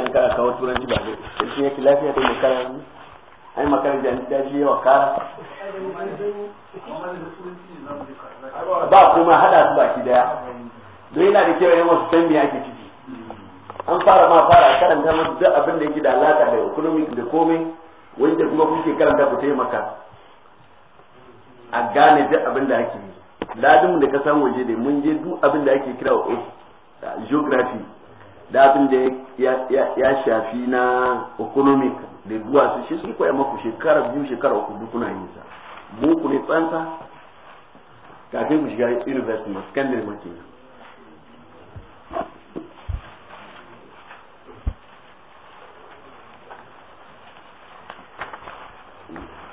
wajen kana kawo turanci ba ne shi yake lafiya da makara ne ai makara da ta ji yawa kara ba kuma hada su baki daya don yana da kyau yan wasu san me ake ciki an fara ma fara karanta musu duk abin da yake da alaka da economic da komai wanda kuma kuke karanta ku taimaka a gane duk abin da ake yi ladin da ka san waje da mun je duk abin da ake kira geography da abin da ya shafi na economic da duwa su shi suke koya maku shekara biyu shekara uku duk kuna yin sa boko ne tsanta kafin ku shiga university ma secondary ma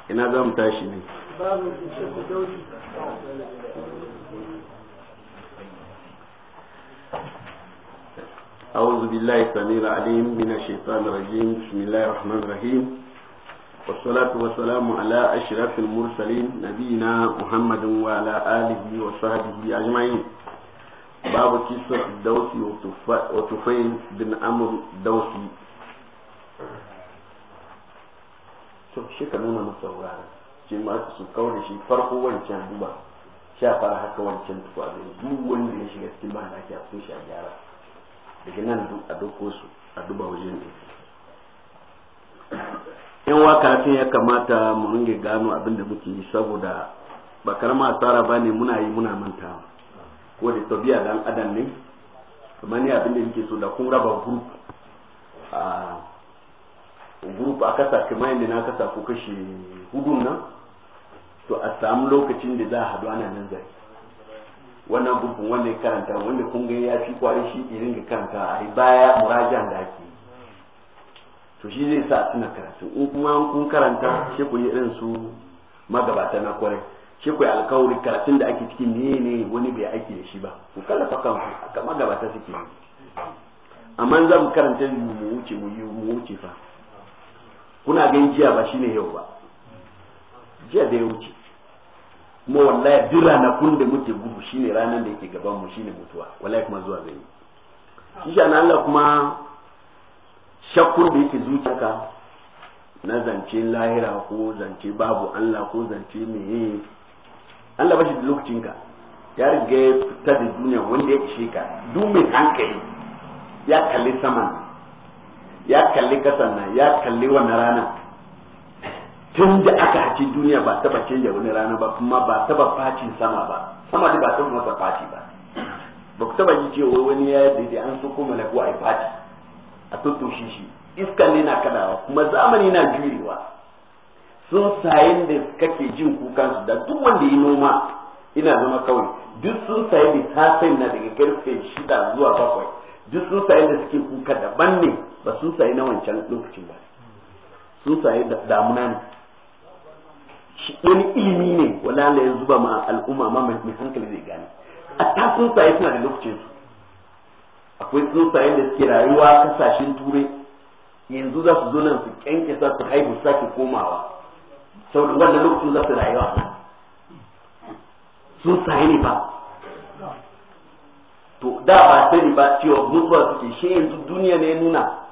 ina za mu tashi ne أعوذ بالله السميع العليم من الشيطان الرجيم بسم الله الرحمن الرحيم والصلاة والسلام على أشرف المرسلين نبينا محمد وعلى آله وصحبه أجمعين باب قصة الدوسي وطفيل بن أمر الدوسي شوف shi ka nuna masa wurare ce ma su kawo da shi farko wancan duba sha fara haka wancan tukwa duk wanda ya shiga cikin ba daga nan a su a duba wajen da yan ya kamata mu ringe gano abin da muke yi saboda ba karama tsara ba ne muna yi muna manta ko da tabiya dan adam ne kuma ne abin da muke so da kun raba group a group a kasa kuma inda na kasa ko kashe hudun nan to a samu lokacin da za a haɗu ana nan zai wannan bukun wanda ya karanta wanda kun gani ya fi kwari shi irin ga karanta a baya murajan da ake to shi zai sa suna karatu in kuma kun karanta shi ku yi irin su magabata na kwarai shi ku yi alkawari karatun da ake cikin ne ne wani bai aiki da shi ba ku kallafa kanku ga magabata suke yi amma za mu karanta mu wuce mu yi mu kuna gan jiya ba shine yau ba jiya da ya wuce kuma wallahi duk ranakun da muke gudu shine ranan da yake gaban mu shine mutuwa wallahi kuma zuwa zai yi shi Allah kuma shakkur da yake zuciyarka na zance lahira ko zance babu Allah ko zance meye Allah bashi da ka ya riga ya fita da duniya wanda ya ishe ka duk mai hankali ya kalli saman ya kalli kasan nan ya kalli wannan rana tun da aka haci duniya ba taba canja wani rana ba kuma ba taba facin sama ba sama da ba taba masa faci ba ba ku taba yi cewa wani ya yi daidai an so kuma ko ai faci a tattoshe shi iska ne na kadawa kuma zamani na jurewa sun sayin da kake jin kukan su da duk wanda yi noma ina zama kawai duk sun sayi da sai na daga karfe shida zuwa bakwai duk sun sayi da suke kuka daban ne ba sun sayi na wancan lokacin ba sun sayi damuna ne shi wani ilimi ne wala la ya zuba ma al'umma ma mai hankali zai gane a ta tsuntsaye suna da lokacin su akwai tsuntsayen da suke rayuwa kasashen turai yanzu za su zo nan su kyankyasa su haihu sake komawa saboda wannan lokacin za su rayuwa nan tsuntsaye ne ba to da ba sani ba cewa mutuwa suke shi yanzu duniya ne nuna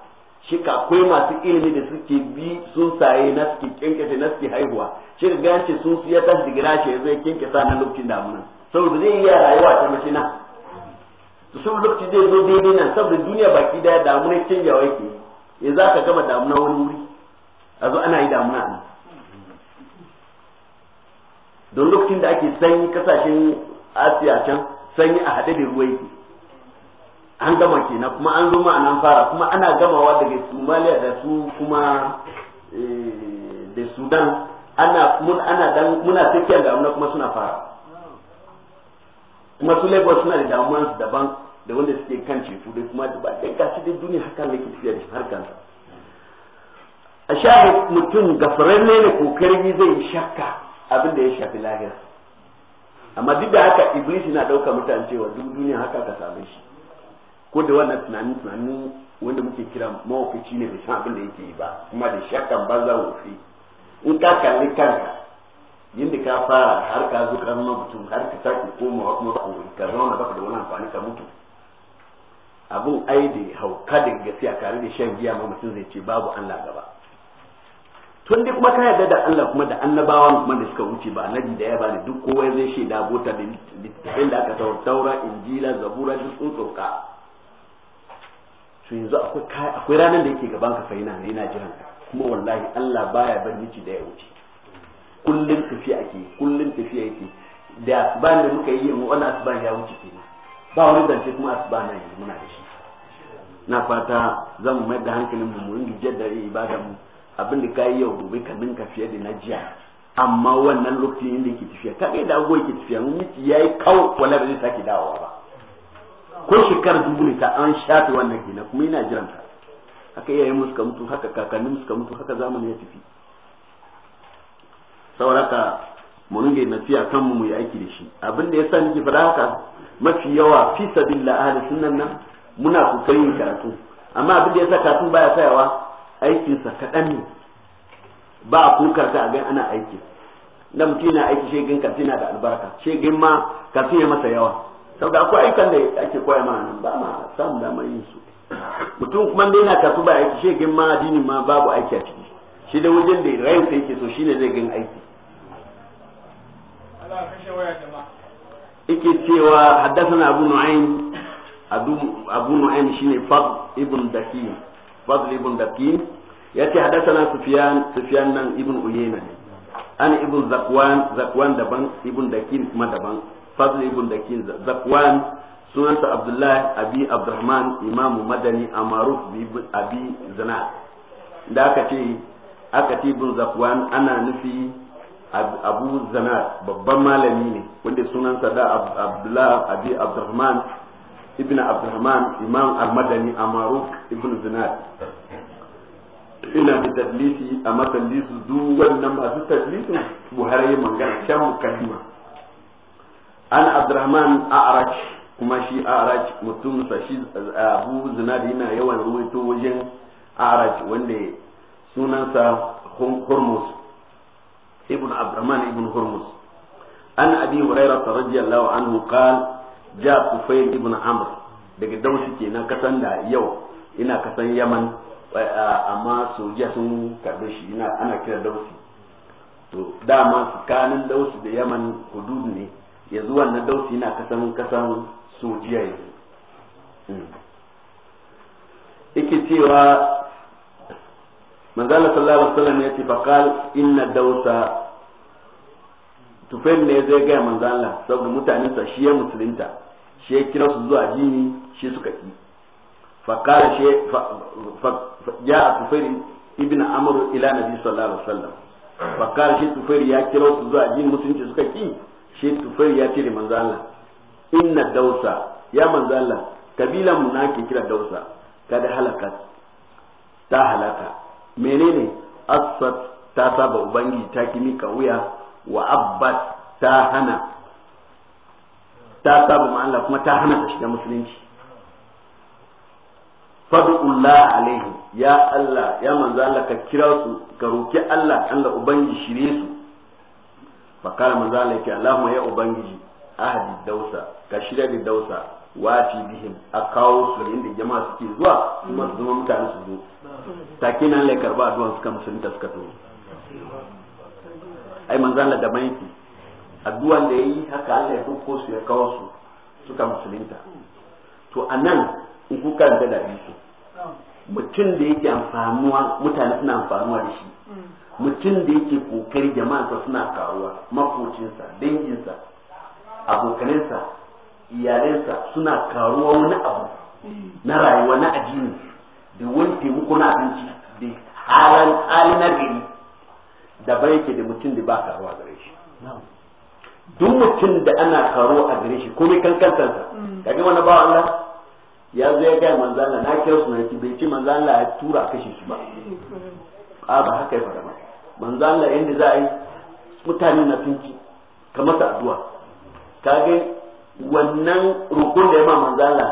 shi ka akwai masu ilimi da suke bi tsuntsaye na suke kyankyasa na suke haihuwa shi ka gance tsuntsu ya tashi digira shi ya zai kyankyasa na lokacin damuna saboda zai iya rayuwa ta mace na to saboda lokacin zai zo daidai nan saboda duniya baki daya damuna canjawa yake ya za ka gama damuna wani wuri a zo ana yi damuna nan don lokacin da ake sanyi kasashen asiya can sanyi a haɗe da ruwa yake an gama kenan kuma an zo ma'anan fara kuma ana gamawa daga Somalia da su kuma eh, da sudan ana mun ana dan muna amma kuma suna fara kuma su lagos suna da damuwan su daban da wanda suke kan ceto da kuma da dai ga su dai duniya haka ne ke tafiya da harkan a shafi mutum gafararre ne kokarin zai shakka abin da ya shafi lahira amma duk da haka iblis yana ɗauka mutane cewa duk duniya haka ka same shi ko da wannan tunanin tunanin wanda muke kira mawafici ne da san abin da yake yi ba kuma da shakkan ba za fi in ka kalli kanka yadda ka fara har ka zo ka zama mutum har ka sake komawa kuma ka na baka da wani amfani ka mutu abun ai da hauka da gaskiya kare da shan giya ma mutum zai ce babu Allah gaba tun dai kuma ka yarda da Allah kuma da annabawa kuma da suka wuce ba annabi da ya bani duk kowa zai shaida bota da littafin da aka taura injila zabura duk sun su yanzu akwai ranar da yake gaban ka fa yana yana jiran kuma wallahi Allah baya bar miki da ya wuce kullum tafiya ake kullum tafiya yake da asban da muka yi yin wani asban ya wuce kenan ba wani zance kuma asban na yi muna da shi na fata zan mai da hankalin mu mun jaddada ibada mu abin da kai yau gobe ka ninka fiye da na jiya amma wannan lokacin da yake tafiya kaga da agogo ke tafiya mun yi yayi kawo wala ba zai sake dawowa ba ko shekara dubu ne ka an shafe wannan gina kuma yana jiran ka haka iyayen mu suka mutu haka kakannin suka mutu haka zamani ya tafi sauraka mu na nasiya kan mu yi aiki da shi abin da ya nake faɗa haka mafi yawa fi sabilillah ahli sunnan nan muna kokarin karatu amma abin da ya yasa karatu baya tsayawa aikin sa kaɗan ne ba a kuka ta ga ana aiki dan mutum yana aiki shegin kafin da albarka shegin ma kafin ya masa yawa sau saboda akwai aikan da ake koya ma nan ba ma samun damar yin su mutum kuma da yana kasu ba aiki shi gin ma addini ma babu aiki a ciki shi da wajen da rayin sa yake so shine zai gin aiki ike cewa haddasa abu nu'aym abu nu'aym shine fadl ibn dakin ya ibn dakin yace haddathana sufyan sufyan nan ibn uyayna an ibn zakwan zakwan daban ibn dakin kuma daban fadl ibn dakin zakwan sunansa abdullahi abi abdurrahman imamu madani a maruf abi zana da aka ce aka ce ibn zakwan ana nufi abu zana babban malami ne wanda sunansa da abdullahi abi abdurrahman ibn abdurrahman imam al-madani a maruf ibn zana ina da tadlisi a matsalisi duk wannan masu tadlisin buhari magana shan mukaddima an abdurrahman a'raj kuma shi a'raj mutum sa shi eh, abu zinadi yana yawan ruwaito wajen a'raj wanda sunansa hormuz ibn abdurrahman ibn hurmus an abi hurairah radiyallahu anhu qala ja kufayl ibn amr daga daushi kenan kasan da yau ina kasan yaman eh, amma sojiya sun karbe shi ina ana kira dausi to dama tsakanin dausi da yaman hudud ne yanzu wannan dausi na kasan kasan sojiya yanzu hmm. yake cewa manzala sallallahu alaihi wasallam ya ce faqal inna dausa tufen ne zai gaya manzala saboda mutanensa shi ya musulunta shi ya kira su zuwa dini shi suka ki faqala shi ya tufail ibn amr ila nabi sallallahu alaihi wasallam faqala shi tufen ya kira su zuwa dini musulunci suka ki shi tufail ya ce da manzo Allah inna dausa ya manzo Allah kabilan mu nake kira dausa kada halaka ta halaka menene asat ta saba ubangiji ta kimi ka wuya wa abbat ta hana ta saba ma Allah kuma ta hana ta shiga musulunci fadullah alaihi ya Allah ya manzo Allah ka kira su ka roki Allah Allah ubangiji shirye su fakar manzo Allah yake Allahumma ya ubangiji ahadi dausa ka shirya da dausa wati bihim a kawo su inda jama'a suke zuwa kuma su zama mutane su zo take nan lai karba addu'a suka musulunta suka zo ai manzo Allah da mai addu'a da yayi haka Allah ya dauko su ya kawo su suka musulunta to anan in ku karanta da bisu mutum da yake amfanuwa mutane suna amfanuwa da shi mutum da yake kokari jama'ansa suna karuwa makocinsa danginsa abokanansa iyalansa suna karuwa wani abu na rayuwa na addini da wani taimako na abinci da halin halin na gari ba yake da mutum da ba karuwa gare shi duk mutum da ana karuwa a gare shi komai kankantansa mm. kaga wani bawa Allah ya zo ya gaya manzala na kira suna yake bai ce manzala ya tura kashe su ba mm. a ba haka ya faɗa ba manzo Allah yanda za a yi mutane na tunci ka masa addu'a ka ga wannan rukun da ya ma manzo Allah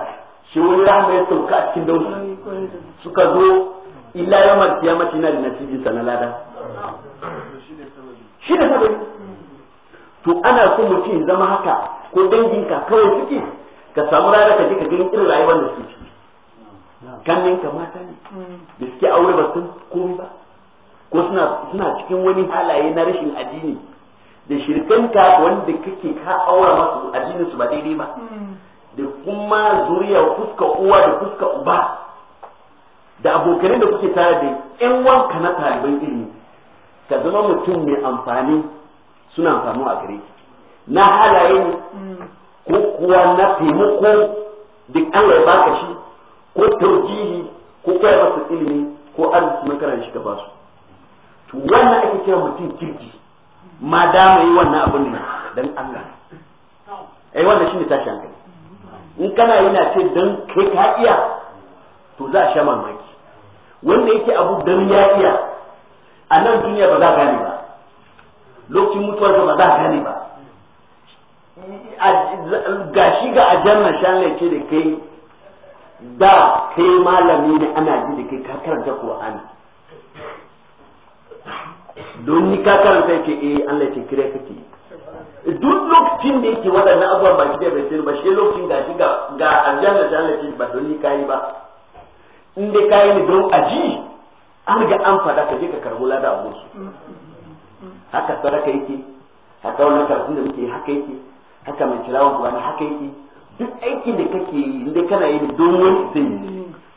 shi wani rahama ya sauka a cikin dauki suka zo illa ya kiyamati na da nasibin sa na lada shi da sabari to ana so mutum zama haka ko danginka kawai suke ka samu rana ka je ka gani irin rayuwar da suke kan ka mata ne da suke aure ba sun komi ba ko suna suna cikin wani halaye na rashin addini da shirkan ka wanda kake ka aura masu addinin su ba daidai ba hmm. da kuma zuriya fuska uwa da fuska uba da abokanin da kuke tare da yan wanka na taliban ilimi ka zama mutum mai amfani suna amfani a gare na halaye hmm. ko kuwa na taimako duk Allah ya baka shi ko taujihi ko kai masa ilimi ko arziki makaran shi ka basu wannan ake kira mutum kirki ma dama yi wannan abin ne dan Allah ai eh, wannan shine tashi hankali in kana yana ce dan kai ka iya to za a sha mamaki wanda yake abu dan ya iya a nan duniya ba za a gane ba lokacin mutuwar ba za a gane ba gashi ga aljanna shanle ce da kai da kai malami ne ana ji da kai ka karanta Qur'ani don ni ka sai ke eh Allah yake kire kake duk lokacin da yake waɗannan abubuwan ba shi da bai ba shi lokacin ga shi ga aljanna da Allah yake ba don ni kai ba in dai kai ni don aji an ga an fada ka je ka karbo lada a gusu haka saraka yake haka wannan karatun da muke haka yake haka mai kirawa kuwa haka yake duk aikin da kake yi in dai kana yi don wani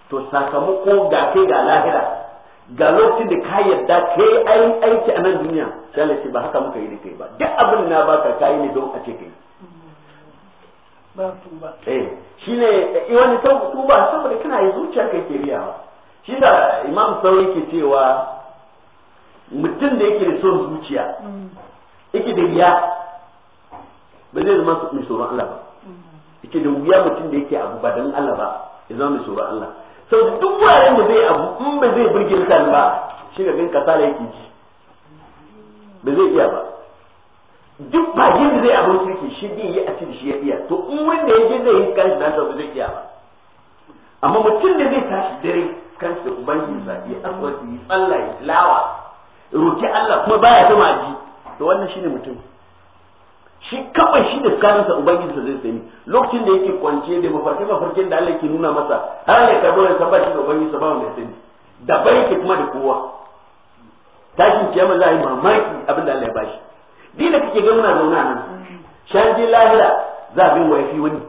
to sakamako ga kai ga lahira ga lokacin da ka yarda kai ayin aiki a nan duniya sai Allah ba haka muka yi da kai ba duk abin na baka kai ne don a ce kai eh ne eh, wani sau ku ba saboda kana yi zuciya kai ke ba shi da imam sauri ke cewa mutum da yake da son zuciya mm. yake da riya ba zai zama mai tsoron Allah ba mm. yake da wuya mutum da yake abu ba don Allah ba ya zama mai tsoron Allah sau duk wuraren da zai abu in ba zai burge mutan ba shi ga gan kasala yake ji ba zai iya ba duk ba da zai abin kirki shi din yi a cikin shi ya iya to in wurin da yake zai yi kanshi na ba zai iya ba amma mutum da zai tashi dare kanshi da ubangiji sa ya aswati yi tsalla ya lawa roki Allah kuma baya zama ji to wannan shine mutum shi kawai shi da kansa ubangiji zai sani lokacin da yake kwance da mafarki mafarki da Allah yake nuna masa har ya karbo da san ba shi da ubangiji sa ba mai sani da bai yake kuma da kowa tashin kiyama za a yi mamaki abin da Allah ya bashi din da kake ga muna zauna nan shan je lahira za a bin wifi wani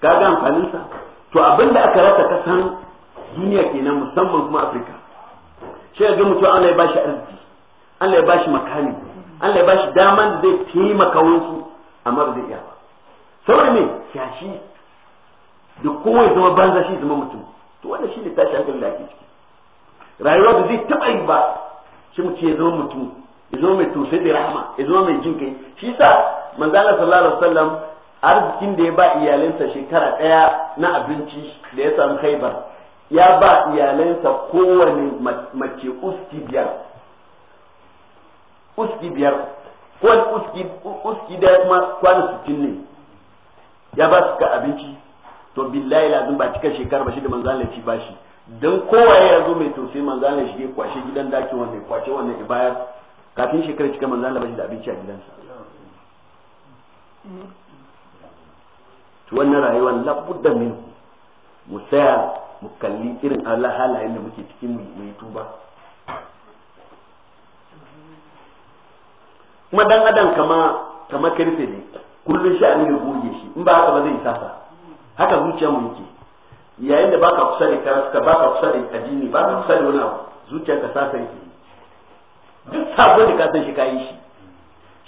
kaga amfaninsa to abin da aka rasa san duniya kenan musamman kuma Afirka sai ga mutum Allah ya bashi arziki Allah ya bashi makami Allah ya bashi daman da zai taimaka wasu amma ba zai iya ba saboda me shi da kowa ya zama banza shi zama mutum to wanda shi ne tashi hankali da ake ciki rayuwa da zai taba yi ba shi mutum ya zama mutum ya zama mai tosai da rahama ya zama mai jin kai shi sa manzana sallallahu alaihi wasallam arzikin da ya ba iyalinsa shekara ɗaya na abinci da ya samu haibar ya ba iyalansa kowane mace uski biyar uski biyar kowane uski uski da kuma kwana sittin ne ya ba su ka abinci to billahi lazim ba cika shekara ba shi da manzan lafi ba shi don kowaye ya zo mai tausayi manzan lafi ya kwashe gidan daki wanda ya kwashe wannan ya bayar kafin shekara cika manzan lafi da abinci a gidansa to wannan rayuwa labudda min musaya. mu kalli irin Allah halayen da muke cikin mu yi tuba kuma dan adam kama kama karfe ne kullun shi ne goge shi in ba haka ba zai sasa haka zuciya mu yake yayin da baka kusa da karasuka baka kusa da addini baka kusa da wani abu ka sasa yake duk sabon da ka san shi kayi shi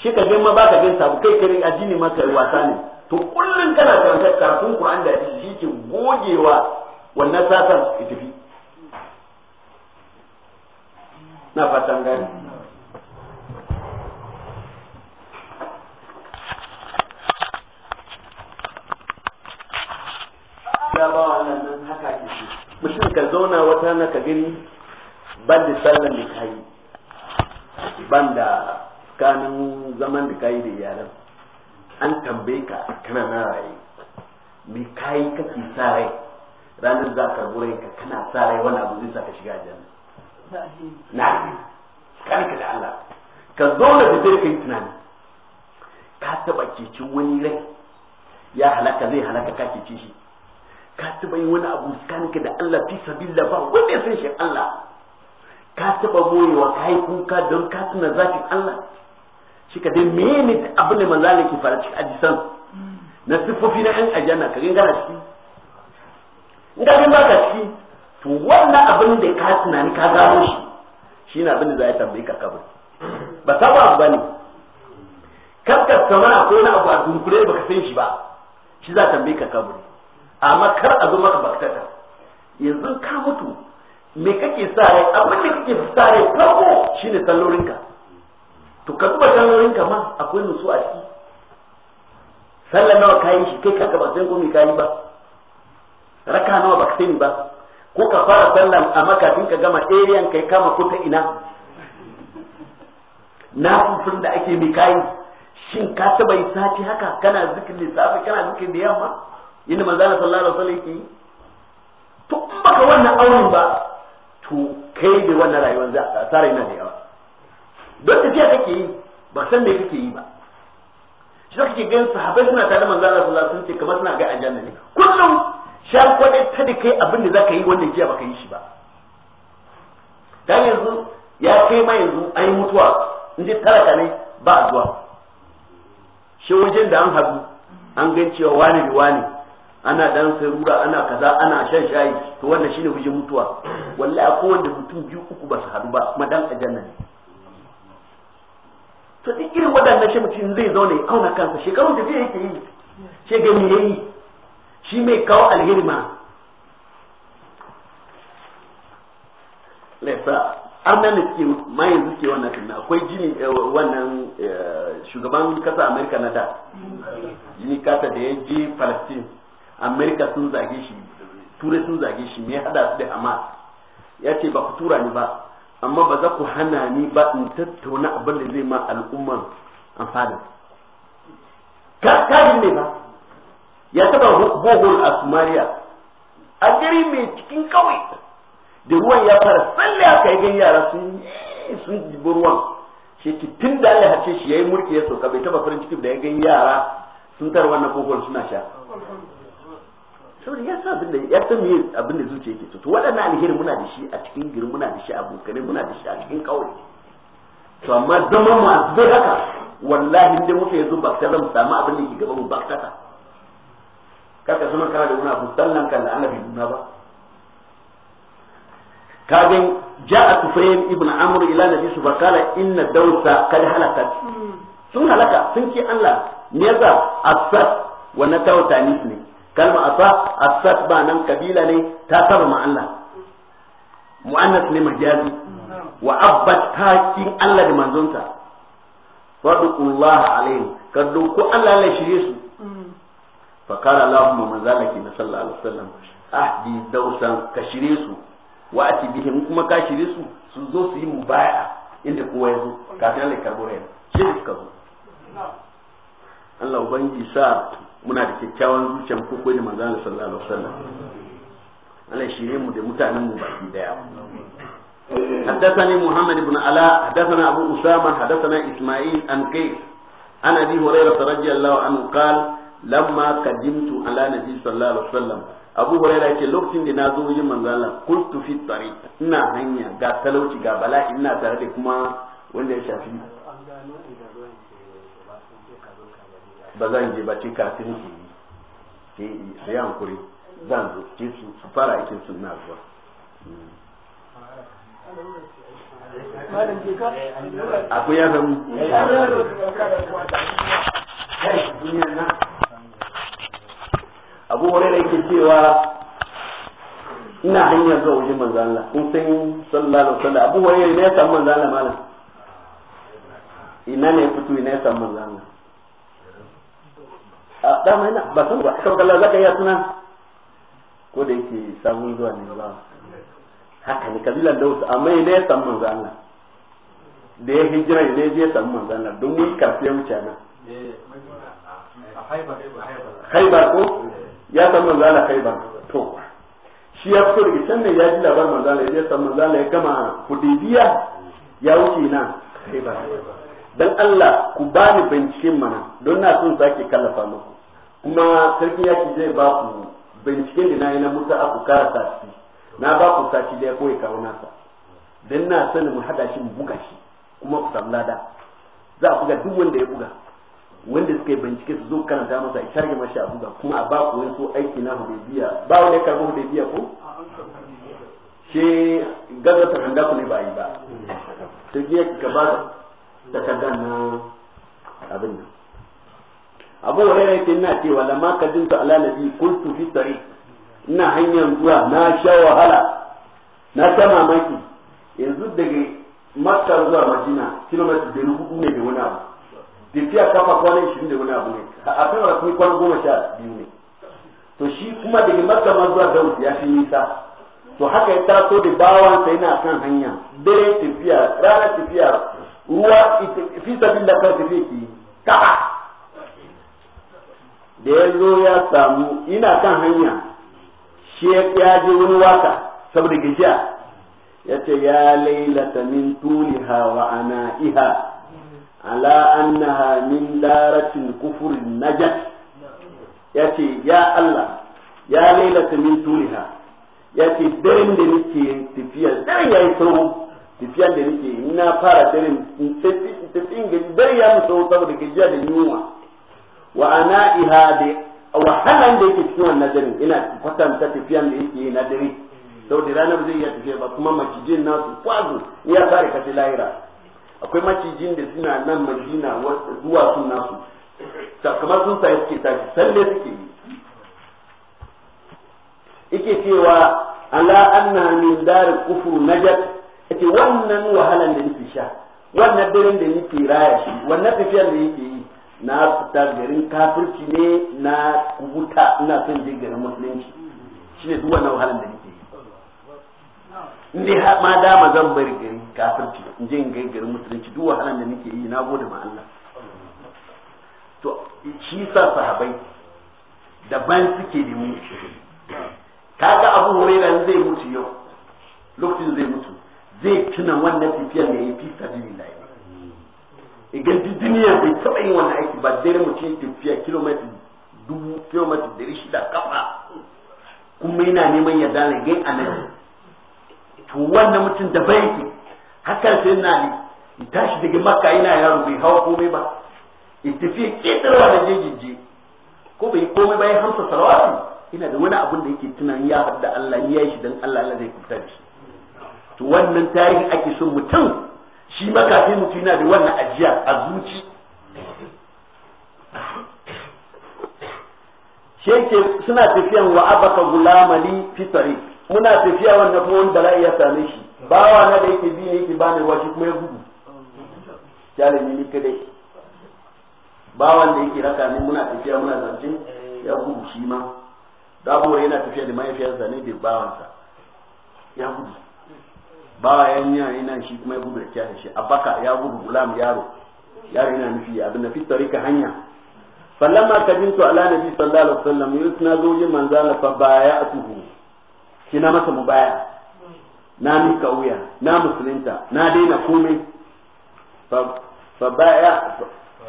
shi ka ma baka gan sabo kai kare addini ma kai wasa ne to kullun kana karanta karatun Qur'an da shi ke gogewa wannan sasan ya tafi na fatan gani ya ba wannan nan haka ke shi. mutum ka zauna wata na ka gani ban da sallan da kayi ban da tsakanin zaman da kayi da iyalan an tambaye ka kana na raye me kayi kake sa rai ranar za ka gurin ka kana sa rai wani abu zai sa ka shiga aljanna na ne kanka da Allah ka zo da ka kai tunani ka taba kecin wani rai ya halaka zai halaka ka kecin shi ka taba yi wani abu kanka da Allah fi sabilillah ba wanda ya san shi Allah ka taba goyewa ka yi kuka don ka tuna zafin Allah shi ka dai mene abin da manzo ke fara cikin ajisan na sifofi na ajiyar na ka gangara shi in ka ba ka ci to wannan abin da ka tunani ka gano shi shi ne abin da za a tambayi ka kabari ba ta abu ba ne karkar sama ko na abu a dunkule ba ka san shi ba shi za a tambayi ka kabari amma kar a zo maka baktata yanzu ka mutu me kake sa rai abin da kake sa rai farko shine sallolinka to ka duba sallolinka ma akwai nusu a ciki sallar nawa kayan shi kai ka ba sai ko me kayi ba raka nawa ba sani ba ko ka fara sallan a makafin ka gama area kai kama ko ta ina na fufin da ake mai kayi shin ka taba yi sati haka kana ne safe kana zikin da yamma yadda manzo Allah sallallahu alaihi wasallam yake yi to in baka wannan aurin ba to kai da wannan rayuwar za ka tsara ina da yawa don tafiya kake yi ba san me kake yi ba shi kake ganin sahabbai suna tare manzo Allah sallallahu alaihi wasallam kamar suna ga aljanna ne kullum shar kwade ta da kai abin da za ka yi wanda jiya baka yi shi ba dan yanzu ya kai ma yanzu an yi mutuwa in dai talaka ne ba zuwa shi wajen da an haɗu an gan cewa wani da wani ana dan rura, ana kaza ana shan shayi to wannan shine wajen mutuwa wallahi ko wanda mutum biyu uku ba su haɗu ba kuma dan ne to duk irin waɗannan shi mutum zai zauna ya auna kansa shekarun da zai yake yi ce ga me yayi shi mai kawo alhirma lesa lesa amnan da suke wannan akwai jini eh, wannan eh, shugaban kasa amerika na da jini kasa da ya je palestine amerika sun zage shi turai sun zage shi me hada su da hamas ya ce ba ku tura ni ba amma ba za ku hana ni ba in tattauna abin da zai ma al'umman amfani ka ne ba ya taba bohol a sumariya a gari mai cikin kawai da ruwan ya fara tsalle aka yi gan yara sun yi sun jibi ruwan shi tun da Allah hace shi yayi mulki ya sauka bai taba farin cikin da ya gan yara sun tar wannan bohol suna sha saboda ya sa abinda ya san me abinda zuciya yake to waɗannan alheri muna da shi a cikin girin muna da shi a bukare muna da shi a cikin kawai to amma zama mu a haka wallahi inda muke yanzu bakta zan samu abin da ke gaban mu bakta kaka suna kana da wani abu sallan kan da annabi nuna ba kagin ja'a tufayn ibn amr ila nabi su bakala inna dawsa kad halakat sun halaka sun ki Allah me yasa asat wa na tawtanis ne kalma asa asat ba nan kabila ne ta saba ma Allah mu'annas ne majazi wa abbat takin Allah da manzonsa fadu Allah alaihim kaddu ko Allah ne shirye su fakara Allahumma manzala ke na sallallahu alaihi wasallam ahdi dausan ka shirye su wa ati bihim kuma ka shirye su su zo su yi mubaya inda kowa ya zo kafin Allah ya karbo shi ne suka zo Allah ubangi sa muna da kyakkyawan zuciyar ko koyi da manzala sallallahu alaihi wasallam Allah shirye mu da mutanen mu baki daya حدثني محمد بن علاء حدثنا أبو أسامة حدثنا إسماعيل عن كيف عن أبي هريرة رضي الله عنه قال lamma kadimtu ala nabi sallallahu alaihi wasallam abu huraira yake lokacin da nazo zo yin manzala kuntu fi tariq ina hanya ga talauci ga bala'i ina tare da kuma wanda ya shafi ba zan je ba ce kafin ke yi sai hankuri zan zo ke su fara aikin su na zuwa akwai ya zama abu da yake cewa ina hanyar zuwa wajen manzo Allah kun san sallallahu alaihi wasallam abu hurairah ne ya samu manzo Allah malam ina ne fito ina ya samu manzo Allah a dama ina ba san ba kawai kalla zaka iya suna ko da yake samu zuwa ne ba haka ne kabilan da wasu amma ina ya samu manzo Allah da ya hijira ne je samu manzo Allah don mun karfe wuce nan eh, ah, eh, ko ya san manzo Allah kai ba to shi ya fito daga can ne ya ji labar manzo Allah ya san manzo Allah ya gama hudibiya ya wuce na kai ba dan Allah ku ba ni binciken mana don na son sake kallafa muku kuma sarkin yaki zai ba ku binciken da na yi na musa aku kara sati na ba ku sati da ya koyi kawo nasa dan na sani mu hada shi mu buga shi kuma ku samu lada za ku ga duk wanda ya buga wanda suka yi bincike su zo karanta masa a sharhi mashi a buga kuma a ba ku wani so aiki na hudaybiya ba wani karbo hudaybiya ko she gaza ta handa ku ne ba yi ba ta je ka ba ta kada na abin nan abu hurairah yake ina cewa lamma jinta ala nabi qultu fi tariq ina hanyar zuwa na sha wahala na ta mamaki yanzu daga makka zuwa madina kilomita da hudu ne da wani abu tafiya kafa kwanan 20 da wani abu ne a kan rafi kwanan goma sha biyu ne to shi kuma daga makka ma zuwa daud ya fi nisa to haka ya taso da bawansa yana kan hanya dare tafiya rana tafiya ruwa fi sabin da kan tafiya ke kafa da ya zo ya samu ina kan hanya shi ya je wani waka saboda gajiya ya ce ya lailata min tuliha wa ana iha ala annaha min laratin kufur najat yace ya Allah ya lailata min turiha yace daren da nake tafiya daren yayi sauro tafiya da nake ina fara daren tafiyin gari daren ya musu saboda gajiya da yunwa wa ana ihade wahalan da yake cikin wannan daren ina kwatanta tafiyan da yake na dare saboda ranar zai iya tafiya ba kuma macijin nasu kwazo ya fara kashe lahira akwai macijin da suna nan madina zuwa sun nasu kamar sun sa suke tashi salle suke yi yake cewa ala anna min dar kufur najat yace wannan wahalan da nake sha wannan daren da nake raya shi wannan tafiyar da yake yi na fita garin kafirci ne na kubuta ina son je garin musulunci shine duk wannan wahalan da nake ne ma dama zan bari gari kafirci in je in garin musulunci duk wahalan da nake yi na gode ma Allah to shi sa sahabai daban suke da mu kaga Abu Hurairah zai mutu yau lokacin zai mutu zai tuna wannan tafiyar da yayi fi sabilillah idan duk duniya bai taɓa yin wannan aiki ba dare mutum tafiya kilomita dubu kilomita dari shida kafa kuma yana neman yarda ne gai a nan to wannan mutum da bai yake hakan sai na ne in tashi daga makka ina yaro bai hawa komai ba in tafi ketarwa da jejinje ko bai komai ba ya hamsa salawatu ina da wani abun da yake tunan ya hadda Allah ya yi shi dan Allah Allah zai kuta shi to wannan tarihi ake son mutum shi sai mutum yana da wannan ajiya a zuci shi suna tafiyan wa abaka gulamali fitari muna tafiya wannan kuma wani bala'i ya same shi bawa na da yake biya yake ba ne washi kuma ya gudu jalimi ni kadai bawan da yake raka ne muna tafiya muna zance ya gudu shi ma dabura yana tafiya da mahaifiyarsa ne da bawansa ya gudu bawa ya yi yana shi kuma ya gudu da kyashe shi a baka ya gudu gulam yaro yaro yana nufi abin na fitar ka hanya sallama kadintu ala nabi sallallahu alaihi wasallam yusna zoji manzala fa baya baya'atuhu kina masa mubaya na mika wuya na musulunta na daina kome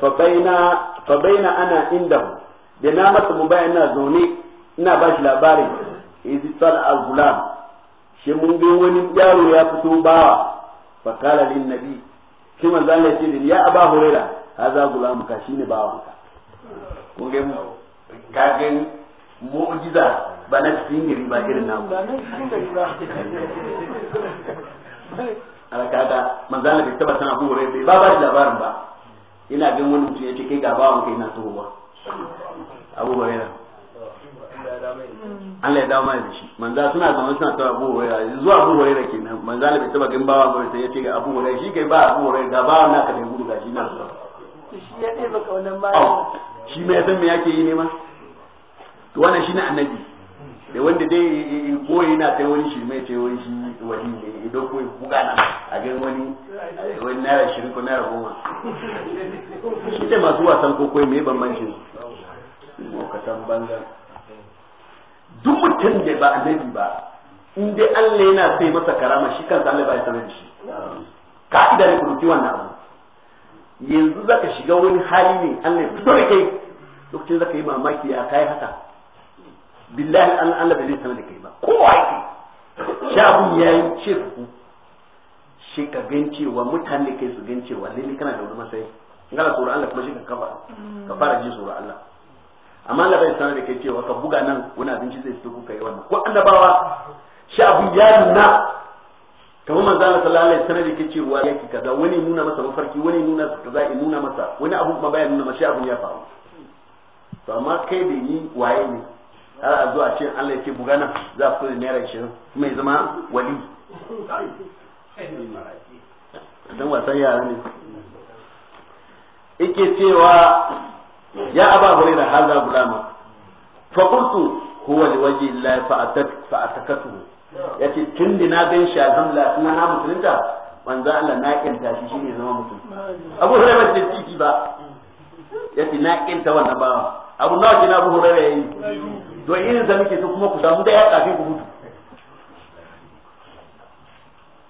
fa baina ana inda da na masa mubaya ina zaune ina ba shi labarin izisal al-gulam shi mun ga wani yaro ya fito bawa fa kala lin nabi shi manzo Allah ya ce ya aba hurira haza gulam ka shine bawanka kun ga mu kagen mu'jiza ba na cikin gari ba irin na ba manzana bai taba sana bai ba ba labarin ba ina ganin wani mutum yace kai ga bawan kai na tohuwa Abu Hurairah Allah ya dawo mai shi manza suna zama suna tara Abu Hurairah zuwa Abu Hurairah kenan manzana bai taba gan bawon kai yace ga Abu shi kai ba Abu Hurairah ga bawon naka da gudu na shi ya ɗaya maka wannan oh, ma shi me yasan me yake yi ne ma to wannan shine annabi da wanda dai ko eh, eh, eh, yana ta wani shi mai ta wani shi wani ne idan ko buga na a ga wani wani naira shirin ko naira goma shi ta masu wasan kokoi mai bambancin lokacin banza duk mutum da ba annabi ba in dai Allah yana sai masa karama shi kansa Allah ba ya sanar da shi ka'ida ne ku duki wannan abu yanzu zaka shiga wani hali ne Allah ya fito da kai lokacin zaka yi mamaki a kai haka billahi an Allah bai sanar da kai ba kowa yake shabun yayi ce ku shi ka gan cewa mutane kai su gan cewa lalle kana da wani matsayi kana tsoro Allah kuma shi ka kafa ka fara ji tsoro Allah amma Allah bai sanar da kai cewa ka buga nan wani abinci zai su kuka yi wannan ko annabawa shabun ya na kamar manzo Allah sallallahu alaihi wasallam yake cewa yake kaza wani nuna masa mafarki wani nuna kaza nuna masa wani abu kuma baya nuna masa abun ya faru to amma kai da ni waye ne har a zuwa cin Allah yake ce buga nan za ku ne naira 20 mai zama wali dan wasan yara ne yake cewa ya aba gure da haza gulama fa qultu huwa li waji Allah fa atak fa atakatu yace tun da na gan shi alhamdulillah kuma na musulunta manzo Allah na kinta shi shine zama mutum abu sai ba tiki ba yace na kinta wannan ba abu nawa kina abu hurairah yayi don irin da muke so kuma ku samu ya kafin ku mutu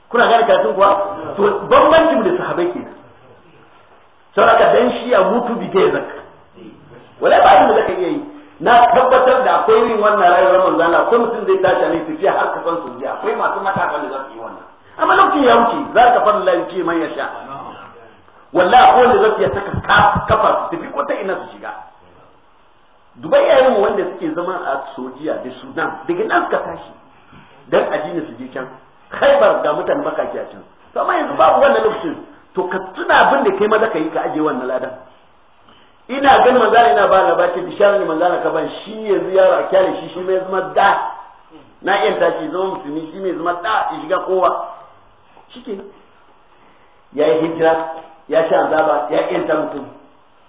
kuna gane kafin kuwa to bambancin da sahabai ke saboda dan shi a mutu bi kai zaka wala ba abin da zaka iya yi na tabbatar da akwai yin wannan rayuwar manzo Allah ko mutum zai tashi ne tafiya har ka san su ji akwai masu kan da za su yi wannan amma lokacin ya wuce za ka fara lafiya man ya sha wallahi akwai wanda zai ya saka kafa su tafi ko ta ina su shiga dubai yayin wanda suke zama a sojiya da sudan daga nan suka tashi dan ajiye su je can khaibar da mutan bakaki a can to amma yanzu babu wannan lokacin to ka tuna abin da kai maza ka yi ka aje wannan ladan ina ganin manzana ina ba na baki bisharar ne manzana ka ban shi yanzu yaro a kyale shi shi mai zama da na iya tashi zama musulmi shi mai zama da ya shiga kowa shike ya yi hijira ya sha azaba ya iya mutum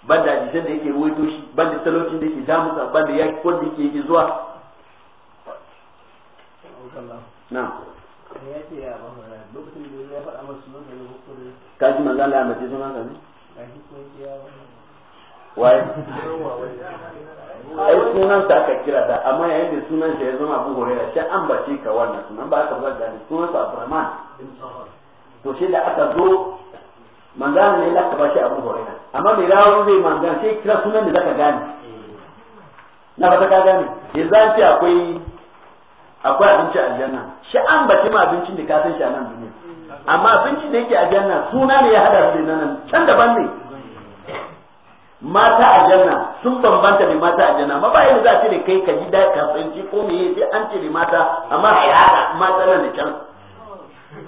banda hadisan da yake ruwaito shi banda talocin da yake damusa banda yaki ko da yake zuwa na ka ji manzo Allah mace ne waye ai sunan ta aka kira da amma yayin da sunan sa ya zama Abu gore da an bace ka wannan sunan ba aka ba da sunan sa Abraman to shi da aka zo manzan ne laka ba shi abu huraira amma mai rawu zai manzan sai kira sunan da zaka gane na fata ka gane yanzu an ce akwai akwai abinci a aljanna shi an bace ma abincin da ka san shi a nan duniya amma abincin da yake a aljanna suna ne ya hada su da nan can daban ne mata a janna sun bambanta da mata a janna amma bayan za ce da kai ka ji da ka tsanci ko me yake sai an ce da mata amma ya hada mata nan da can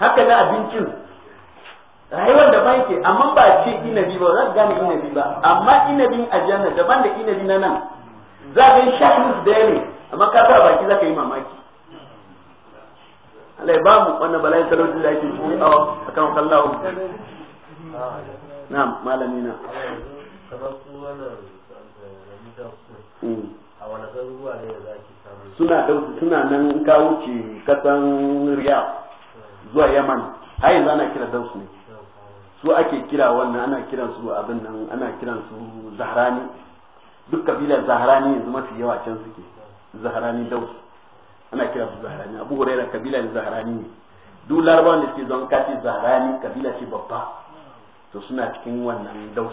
haka da abincin rayuwa ok amma ba ce inabi ba za ka gane inabi ba amma inabin aljanna daban da inabi na nan za ka yi shakin da ne amma ka sa baki za ka yi mamaki alai ba mu wannan bala'in talauci da ake shi awa a kan kallahu na malami na hmm. suna suna nan ka wuce kasan riyal zuwa yaman har yanzu ana kira dausu ne su ake kira wannan ana kiran su abin nan ana kiran su zahrani duk kabilar zahrani yanzu mafi yawa can suke zahrani daus ana kira su zahrani abu huraira kabilar zahrani ne duk larabawan da suke zon kashi zahrani kabila ce babba to suna cikin wannan daus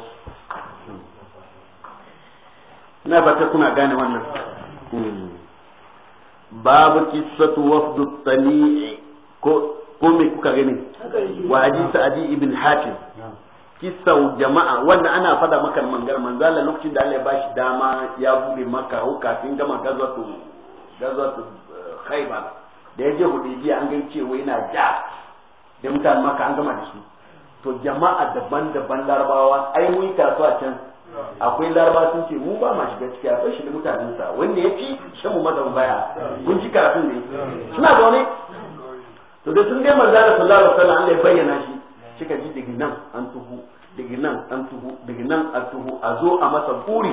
na fata kuna gane wannan hmm. babu kisatu wafdu tani'i ko ko me kuka gani wa hadisi abi ibn hatim kisau jama'a wanda ana fada maka mangar manzala lokacin da Allah ya bashi dama ya bude maka huka kafin gama gazwatu gazwatu eh, khaybar da yaje hudaybiya an gan cewa yana ja da mutan maka an gama da su to jama'a daban-daban larabawa ai mun a can akwai laraba sun ce mu ba ma shiga ciki akwai shi da mutanen sa wanda yafi fi shan mu madan baya kun ji karatu ne suna zaune to da sun dai manzo Allah sallallahu alaihi wasallam Allah ya bayyana shi kika ji daga nan an tuhu daga nan an tuhu daga nan an tuhu a zo a masa buri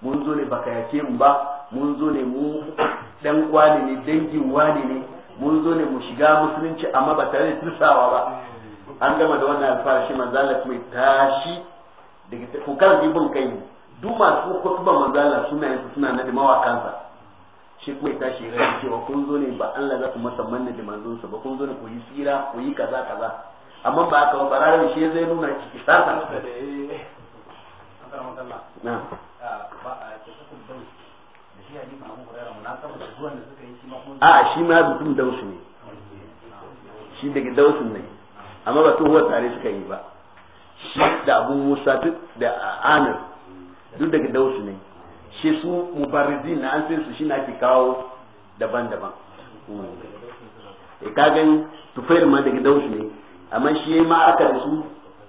mun zo ne baka yace mu ba mun zo ne mu dan kwani ne dangin wani ne mun zo ne mu shiga musulunci amma ba tare da tursawa ba an gama da wannan alfashi manzo Allah mai tashi daga ku kan ibn kai duk masu khutba manzo Allah suna yin suna na da mawakansa shi kuma ya tashi rai cewa kun zo ne ba Allah za ku masa manna da manzonsa ba kun zo ne ku yi tsira ku yi kaza kaza amma ba ka ba ranar shi zai nuna ciki sasa na ah, a shi ma mutum dausu ne shi daga dausun ne amma ba tuhuwar tare suka yi ba shi da abu musa da anar duk daga dausu ne shi su mubarizi na an sai su shi na ke kawo daban-daban eh, ka gani tufayar ma daga daushi ne amma shi ya yi aka da su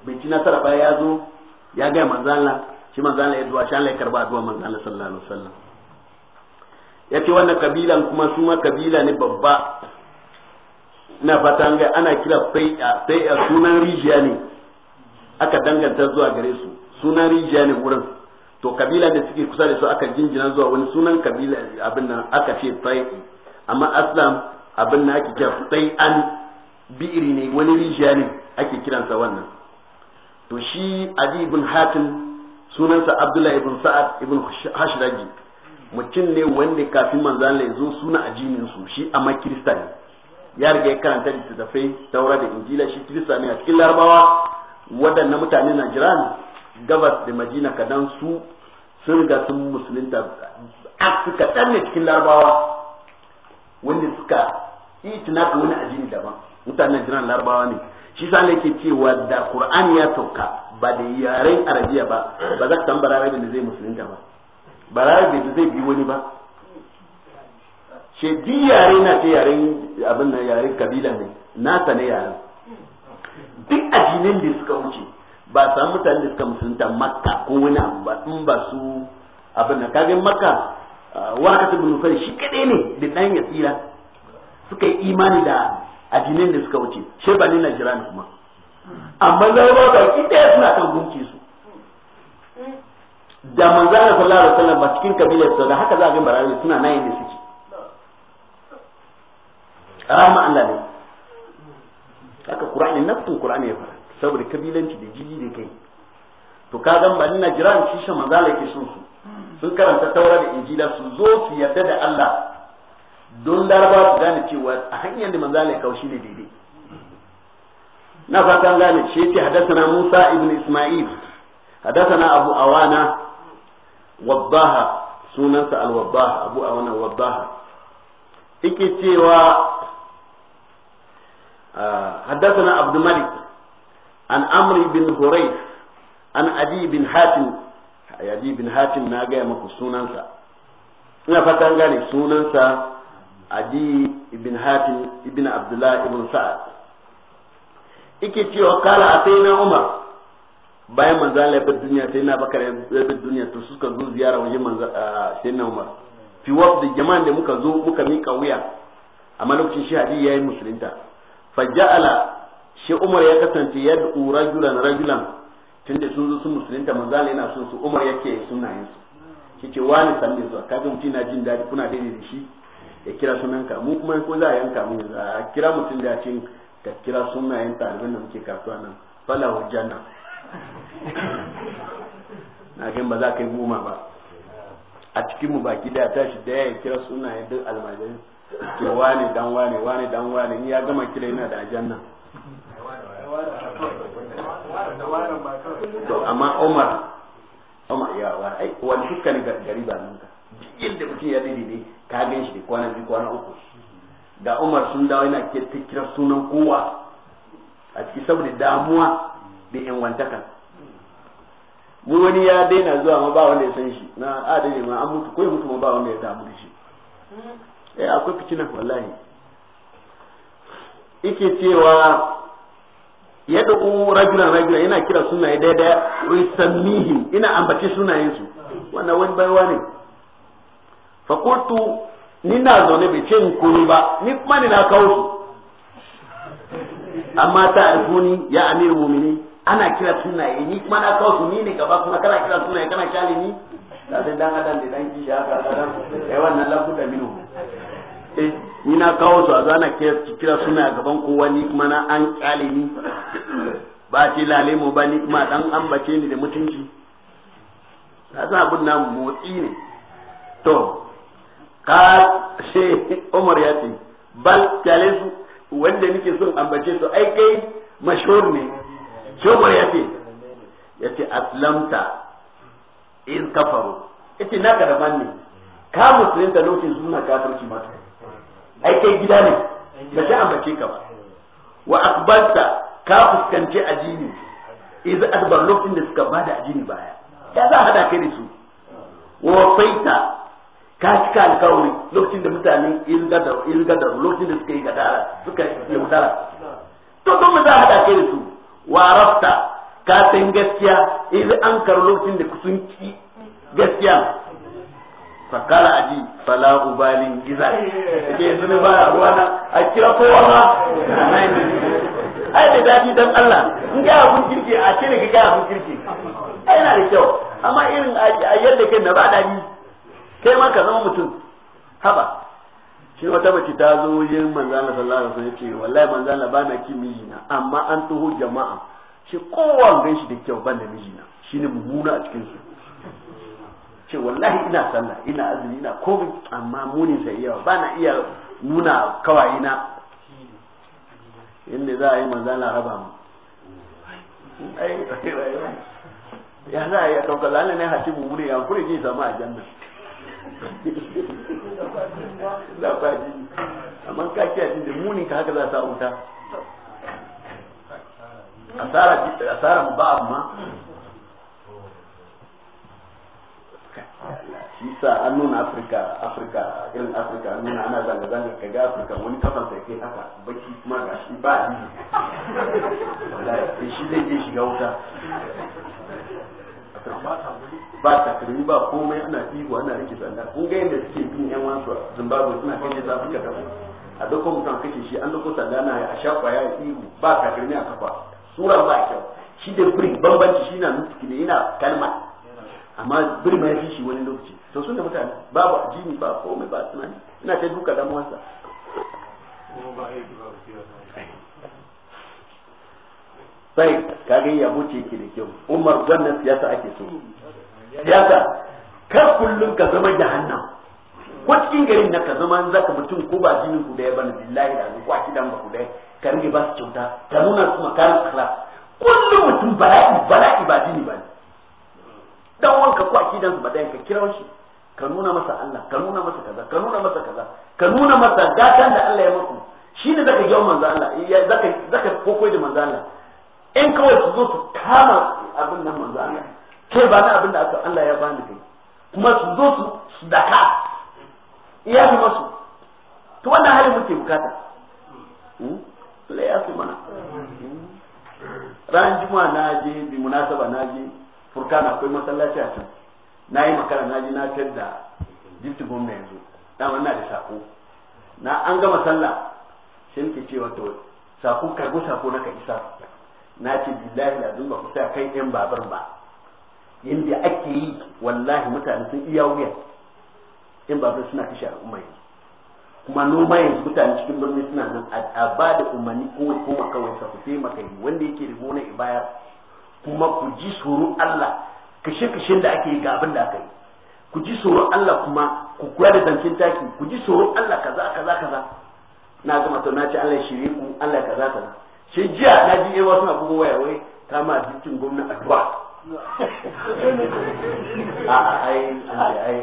bai ci nasara baya ya zo ya gaya manzala shi manzala ya zuwa shan laikar ba zuwa manzala sallallahu alaihi wasallam ya ce wannan kabilan kuma su ma kabila ne babba na fatan ga ana kira sai sunan rijiya ne aka danganta zuwa gare su sunan rijiya ne wurin to kabila da suke kusa da su aka jinjina zuwa wani sunan kabila abin nan aka ce tsayi amma aslam abin nan ake kira tsayi an bi'iri ne wani rijiya ne ake kiransa wannan to shi adi ibn hatim sunansa abdullahi ibn sa'ad ibn hashraji mutum ne wanda kafin manzan ya zo suna ajinin su shi amma kirista ne ya riga ya karanta littattafai taura da injila shi kirista ne a cikin larabawa waɗannan mutane na jiran gabas da madina kadan su sun riga sun musulunta a suka ne cikin larabawa wanda suka itinaka wani addini daban mutanen jiran larabawa ne shi sa ne ke cewa da qur'ani ya sauka ba da yaren arabiya ba ba za ka san bararabe da zai musulunta ba bararabe da zai bi wani ba ce di yare na ce yaren abin nan yaren kabila ne nasa ne yaren duk addinin da suka wuce ba samu mutane da suka musulunta makka ko wani abu ba in ba su abin da kagin makka ka bin nufari shi kadai ne da dan ya tsira suka yi imani da addinin da suka wuce shi ba ni najirani kuma amma zama ba ki ɗaya suna kan gunki su da manzana sallallahu alaihi wasallam ba cikin kabilar sa da haka za a ga barayi suna nan da suke rahma Allah ne haka Qur'ani nafsu Qur'ani ya fara saboda kabilanci da jiji da kai to kaga bani najran shi shan manzala yake son su sun karanta taura da injila su zo su yarda da Allah don laraba su gane cewa a hanyar da manzo ya kawo shi ne daidai na fatan gane shi yake hadathana Musa ibn Isma'il hadathana Abu Awana wabbaha sunansa al-wabbaha Abu Awana wabbaha yake cewa حدثنا ah, عبد malik an amri bin hurayf an adi bin hatim adi bin hatim na gaya maku sunansa ina fatan gane sunansa adi ibn hatim ibn abdullah ibn sa'ad ike cewa kala a sai na umar bayan manzo Allah ya bar duniya sai na bakar ya bar duniya to suka zo ziyara wajen manzo sai na umar fi wafd jama'an da muka zo muka mika wuya amma lokacin shi hadi yayi musulunta faja'ala shi Umar ya kasance yad'u rajulan rajulan da sun zo sun musulunta manzala yana son su Umar yake sunayen su yace wani sanne su kaga mutum na jin daɗi kuna daidai da shi ya kira sunanka mu kuma ko za a yanka mu a kira mutum da cin ka kira sunayen ɗaliban da muke kasuwa nan fala hujjanna na gan ba za ka yi goma ba a cikin mu baki da tashi da ya kira sunayen duk almajirin ke wani dan wani wani dan ni ya gama kira yana da ajanna to amma Umar Umar ya wa ai wani fuska ne gari ba nan ka yadda mutum ya dade ka gan shi kwana biyu kwana uku da Umar sun dawo yana ke kira sunan kowa a ciki saboda damuwa da yan wantakan mu wani ya daina zuwa ma ba wanda ya san shi na adane ma an mutu koyi mutu ma ba wanda ya damu da shi eh akwai fitina wallahi ike cewa ya dabu rajulan rajulan yana kira sunaye daya daya risamihim ina ambace sunayen su wannan wani baiwa ne fa qultu ni na zaune bai ce kuni ba ni kuma ni na kawo su amma ta alfuni ya amir mumini ana kira sunaye ni kuma na kawo su ni ne gaba kuma kana kira sunaye kana kyale ni da sai dan adam da dan kishi haka dan eh wannan lafuta minu ni na kawo su a zana kira suna a gaban kowa ni kuma na an kyale ni ba ce lale mu ba ni kuma dan ambace ni da mutunci ta sa abin na motsi ne to ka she Umar ya ce bal kyale su wanda nake son ambace su ai kai mashhur ne ce Umar ya ce ya ce aslamta in kafaru ita na karaman ne ka musulunta lokacin suna kafarci mata ai kai gida ne ba ta ambace ka ba wa akbarta ka fuskanci ajini idza adbar lokacin da suka bada ajini baya ya za hada kai da su wa faita ka cika alkawari lokacin da mutane in ilgadar lokacin da suka yi gadara suka yi gadara to don za hada kai da su wa rafta ka san gaskiya idza ankar lokacin da kusunci gaskiya fakala aji fala ubalin giza ke yanzu ba ruwa na a kira kowa ma ai da dadi dan Allah in ga abun kirki a ce ne ga abun kirki ai na da kyau amma irin a yadda kai na ba dadi kai ma ka zama mutum haba shi wata mace ta zo yin Allah sallallahu alaihi wasallam ce wallahi manzana ba na ki mijina amma an tuhu jama'a shi kowa gan shi da kyau ban da mijina shine mummuna a cikin su ce wallahi ina sallah ina azumi ina komai amma muni sai yawa ba na iya nuna kawai na inda za a yi na raba mu ya za a yi ɗaukar lana ne haci mu wuri ya kuri ji sama a janna za ba ji amma ka kiya ji da muni ka haka za sa wuta asara ba amma shi sa an nuna afirka afirka irin afirka an nuna ana zanga-zanga ka ga afirka wani kafan sai kai haka baki kuma ga shi ba ni shi zai je shiga wuta ba takarmi ba komai ana ihu ana rike sanda kun ga yadda suke bin yan wasu zimbabwe suna kai ne ta ka kafa a dukkan mutum kashe shi an dukkan sanda na a shafa ya ihu ba takarmi a kafa sura ba kyau shi da brick bambanci shi na nutuki ne yana kalma amma birma ya fi shi wani lokaci to sun mutane babu ajini ba komai ba tunani ina ta duka damuwarsa sai kage ya buce ki da kyau umar wannan siyasa ake so siyasa kar kullum ka zama jahannam ko cikin garin na ka zama an zaka mutum ko ba jinin ku da ya bani billahi da ku aki dan ba ku da ka rige ba su kyauta ka nuna su makarin akhlaq kullu mutum bala'i bala'i ba jini ba ne dan wanka ko akidan su badayan ka kira shi ka nuna masa Allah ka nuna masa kaza ka nuna masa kaza ka nuna masa gatan da Allah ya maku shine zaka ga manzo Allah zaka zaka kokoi da manzo Allah in kawai su zo su kama abin nan manzo Allah kai ba na abin da aka Allah ya bani kai kuma su zo su daka iya fi masu to wannan hali muke bukata hmm? Allah ya fi mana hmm? ran juma'a na je bi munasaba na je furkan akwai masallaci a can na yi makara na ji na tayar da jifti gomna yanzu dama na da sako na an gama sallah sai nake cewa wani sako karbo sako na ka isa na ce billahi da ba ku sa kai yan babar ba yadda ake yi wallahi mutane sun iya wuya yan babar suna kashe al'umma yanzu kuma noma yanzu mutane cikin birni suna nan a ba da umarni kowai koma kawai sa ku taimaka wanda yake da gona ibaya kuma ku ji tsoron Allah kashe-kashen da ake yi ga abin da aka yi ku ji tsoron Allah kuma ku kula da zancen taki ku ji tsoron Allah kaza kaza kaza na gama to na ce Allah shirye ku Allah kaza kaza shi jiya na ji yawa suna bugo waya wai ta ma dukkan gwamna addu'a a ai ai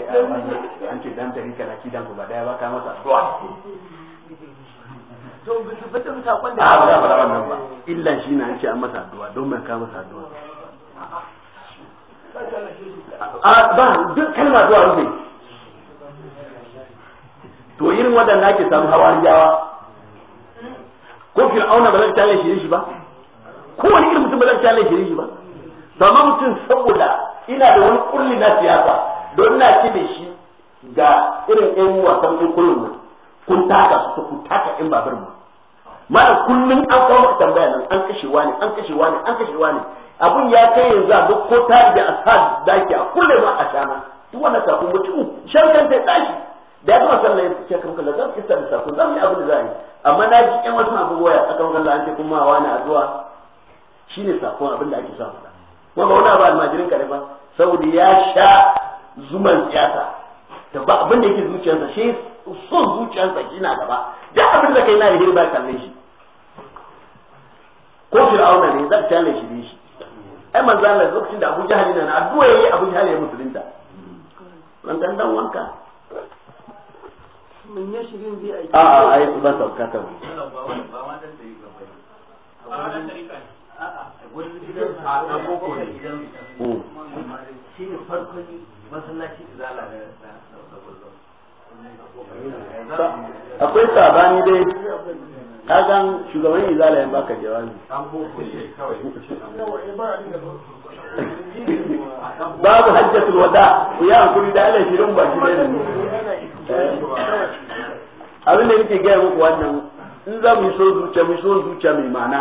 an ce dan ku ba daya ba ka masa addu'a to bin tabbatar sakon da ba za fara wannan ba eh. illa shi ne an ce an masa addu'a don mai ka masa addu'a a ba duk kalma zuwa rufe to irin waɗanda ake samu hawan jawa ko fir'auna ba zai tale shi shi ba ko wani irin mutum ba zai tale shi shi ba to amma mutum saboda ina da wani kulli na siyasa don na ce shi ga irin ɗan wasan kullu kun taka su ku taka in babar mu mana kullum an kawo maka tambaya nan an kashe wani an kashe wani an kashe wani abun ya kai yanzu a duk ko ta da asad daki a kullum ma a shana duk wannan kafin mutu shan kan ta tashi da ya gama sallah ya ce kan kallon zan kisa da sako zan yi abin da zai yi amma na ji yan wasu abu waya aka kan Allah an ce kuma wani a zuwa shine sakon abin da ake samu kuma ba wani abu almajirin ka ne ba saboda ya sha zuman siyasa Da ba abin da yake zuciyarsa shi son zuciyarsa na gaba duk abin da kai na alheri ba kalle shi ko auna ne zaka kalle shi ne shi ai manzo Allah lokacin da Abu Jahal na addu'a yayi Abu Jahal ya musulunta nan dan dan wanka mun ya shirin bi a a a ai ba sauka ta ba ma dan da yi gaba ba dan da yi ka a a wani gidan a boko ne gidan shi ne farkon masallaci da zalala akwai sabani dai kagan shugaban izala yan baka jawabi babu hajjatul wada ku ya hankuri da Allah shirin shi ne eh. abin da nake gaya muku wannan in za mu yi son zuciya mu so zuciya mai mana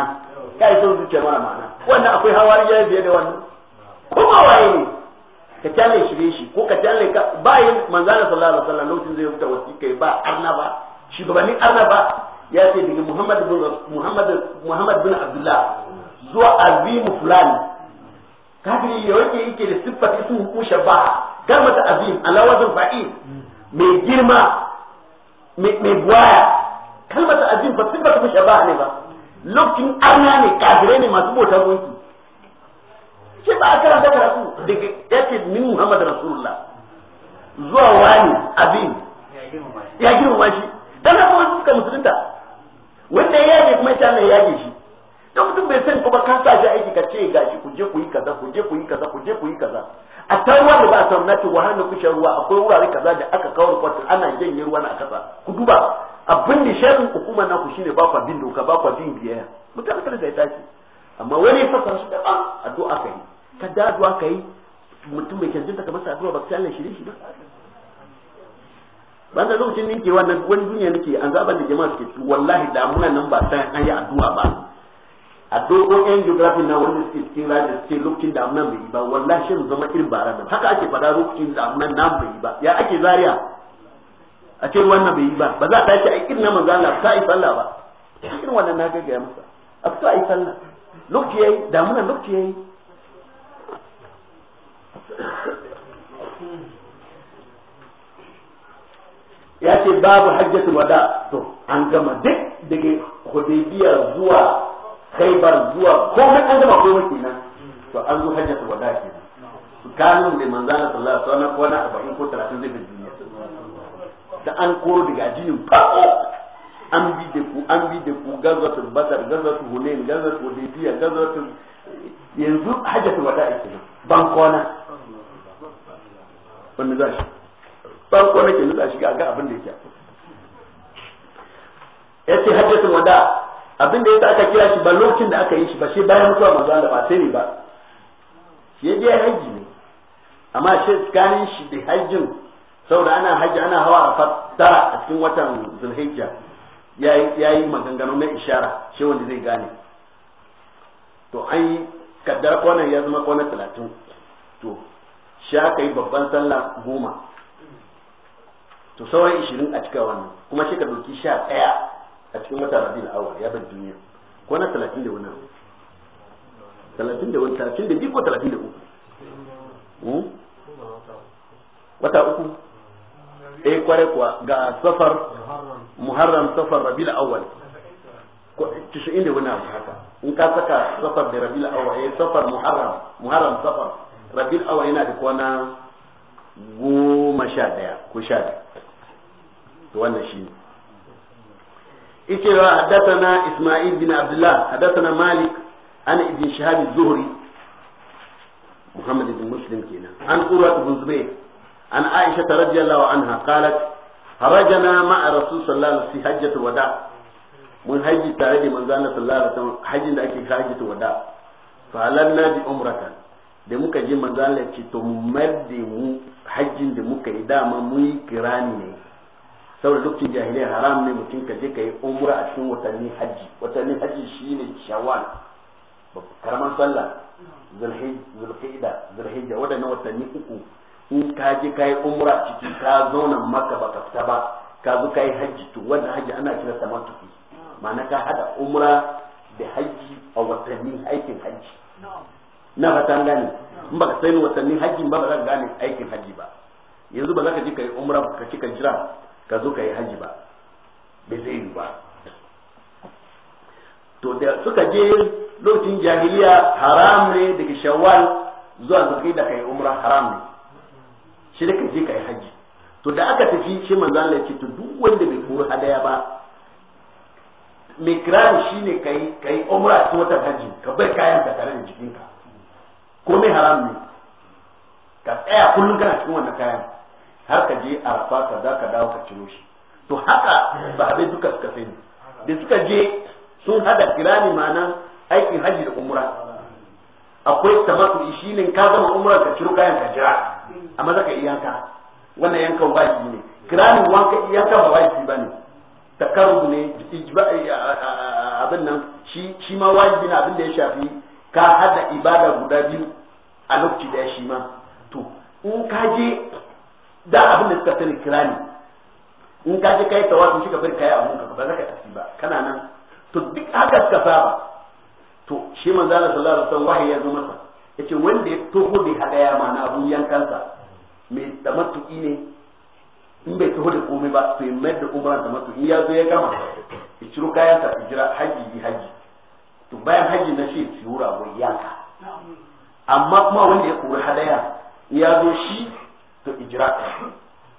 kai so zuciya mara ma'ana wannan akwai hawa ya biye da wannan kuma waye ne ka kyale shirye shi ko ka kyale ka ba yin manzana sallallahu alaihi wasallam lokacin zai rubuta wasiƙa ba arna ba shugabannin arna ba ya ce daga Muhammad bin Muhammad Muhammad bin Abdullah zuwa azimu fulani kafiri ya wanke yake da siffar isu hukusha ba kalmata azim ala fa'i mai girma mai buwaya kalmata azim ba siffar hukusha ba ne ba lokacin arna ne kafirai ne masu bota gunki ce ba a karanta karatu daga yake min Muhammad Rasulullah zuwa wani abin ya girmama shi dan haka wani suka musulunta wanda ya yage kuma ita ya yage shi don mutum bai san kuma kan sa shi aiki ka ce gashi ku je ku yi kaza ku je ku yi kaza ku je ku yi kaza a tarwa da ba a samu nace wahala kushe ruwa akwai wurare kaza da aka kawo report ana janye ruwa na kasa ku duba abin da shafin hukuma na ku shine ba ku bin doka ba ku bin biyayya mutane kada da ya tashi amma wani fasa shi daban addu'a kai ka daduwa ka yi mutum mai kyanjinta ka masa addu'a ba sai Allah shirye shi ba ban da lokacin ninke wannan wani duniya nake an zaban da jama'a suke wallahi damuna nan ba sai an yi addu'a ba a dogon yan geography na wani suke cikin rajin suke lokacin damuna bai yi ba wallahi shin zama irin bara nan haka ake fada lokacin damuna nan bai yi ba ya ake zariya a ce nan bai yi ba ba za a tashi a irin na manzo ta yi sallah ba irin wannan na gaggaya masa a fito a yi sallah lokaci yi damuna lokaci yi. ya ce babu hajjatul wada to an gama duk daga hudaybiya zuwa khaybar zuwa ko har an gama ko wake nan to an zo hajjatul wada kenan kanu da manzana sallallahu alaihi wasallam ko na 40 ko 30 zai bin duniya da an koro daga jinin fa'o an bi da ku an bi da ku gazatul badar gazatul hunain gazatul hudaybiya gazatul yanzu hajjatul wada kenan ban kona wanda za shi farko nake ke nuna shi ga ga abin da yake ya ce sun wada abin da yasa aka kira shi ba lokacin da aka yi shi ba shi bayan mutuwa manzo Allah ba sai ne ba shi ya je haji ne amma shi tsakanin shi da hajjin saboda ana hajji ana hawa a fata a cikin watan zulhijja ya yi maganganu na ishara shi wanda zai gane to an yi kaddara kwanan ya zama kwanan talatin to shi aka yi babban sallah goma to sauran ishirin a cika wannan kuma shi ka doki sha ɗaya a cikin wata rabin awa ya bar duniya ko na talatin da wani talatin da wani talatin da biyu ko talatin da uku hmm? wata uku eh kware kuwa ga safar muharram safar rabiul awwal tishin da wani abu haka in ka saka safar da Rabi rabiul awwal eh safar muharram muharram safar rabil Awa yana da kwana goma sha daya ko sha daya wannan shi ne ike wa haddathana isma'il bin abdullah haddathana malik an ibn shahab zuhri muhammad ibn muslim kenan an qurrat ibn zubayr an aisha radiyallahu anha qalat harajana ma'a rasul sallallahu alaihi wasallam fi hajjatul wada mun hajji tare da manzo Allah sallallahu alaihi wasallam hajjin da ake hajjatul wada fa halanna bi umratan da muka je manzalar ce to mar da mu hajjin da muka yi dama mun yi kirani ne saboda lokacin jahiliya haram ne mutum ka je ka yi umra a cikin watanni hajji watanni hajji shine shawwal karaman sallah zulhijja zulhijja wadannan watanni uku in ka je ka yi umra a ciki ka zauna maka baka fita ba ka zo ka yi hajji to wannan hajji ana kira sa matuki ma'ana ka hada umra da hajji a watanni aikin hajji na fatan gane in baka sai watanni hajji ba ba za ka gane aikin haji ba yanzu ba za ka ji kai umra ka ci ka jira ka zo ka yi ba bai zai yi ba to da suka je lokacin jahiliya haram ne daga shawwal zuwa zukai da kai umra haram ne shi da ka je kai haji to da aka tafi shi manzo Allah ya ce to duk wanda bai kuru hadaya ba mikran shine kai kai umra ta wata haji ka bar kayan ka tare da jikinka komai haram ne ka tsaya kullum kana cikin wannan kayan har ka je rafa ka za ka dawo ka ciro shi to haka sahabai duka suka ne da suka je sun hada kirani ma'ana aikin hajji da umra akwai tamatu shi ne ka zama umra ka ciro kayan ka jira amma zaka yanka wannan yankan wajibi ne kirani wanka yanka ba wajibi bane takarrub ne abin nan shi shi ma wajibi na abin da ya shafi ka hada ibada guda biyu a lokaci da shi ma to in ka je da abin da suka sani kira ne in ka je kai tawafin shi ka bari kai abun ka ba za ka tafi ba kana nan to duk haka suka saba to shi manzo Allah sallallahu alaihi wasallam wahayi ya zo masa yace wanda ya toho da ya ma na abun yankansa mai tamattu'i ne in bai taho da komai ba to ya mayar da umran tamattu in ya zo ya gama ya ciro kayan sa jira haji bi haji to bayan hajji na ce ki wura bai yanka amma kuma wanda ya kori hadaya ya zo shi to ijira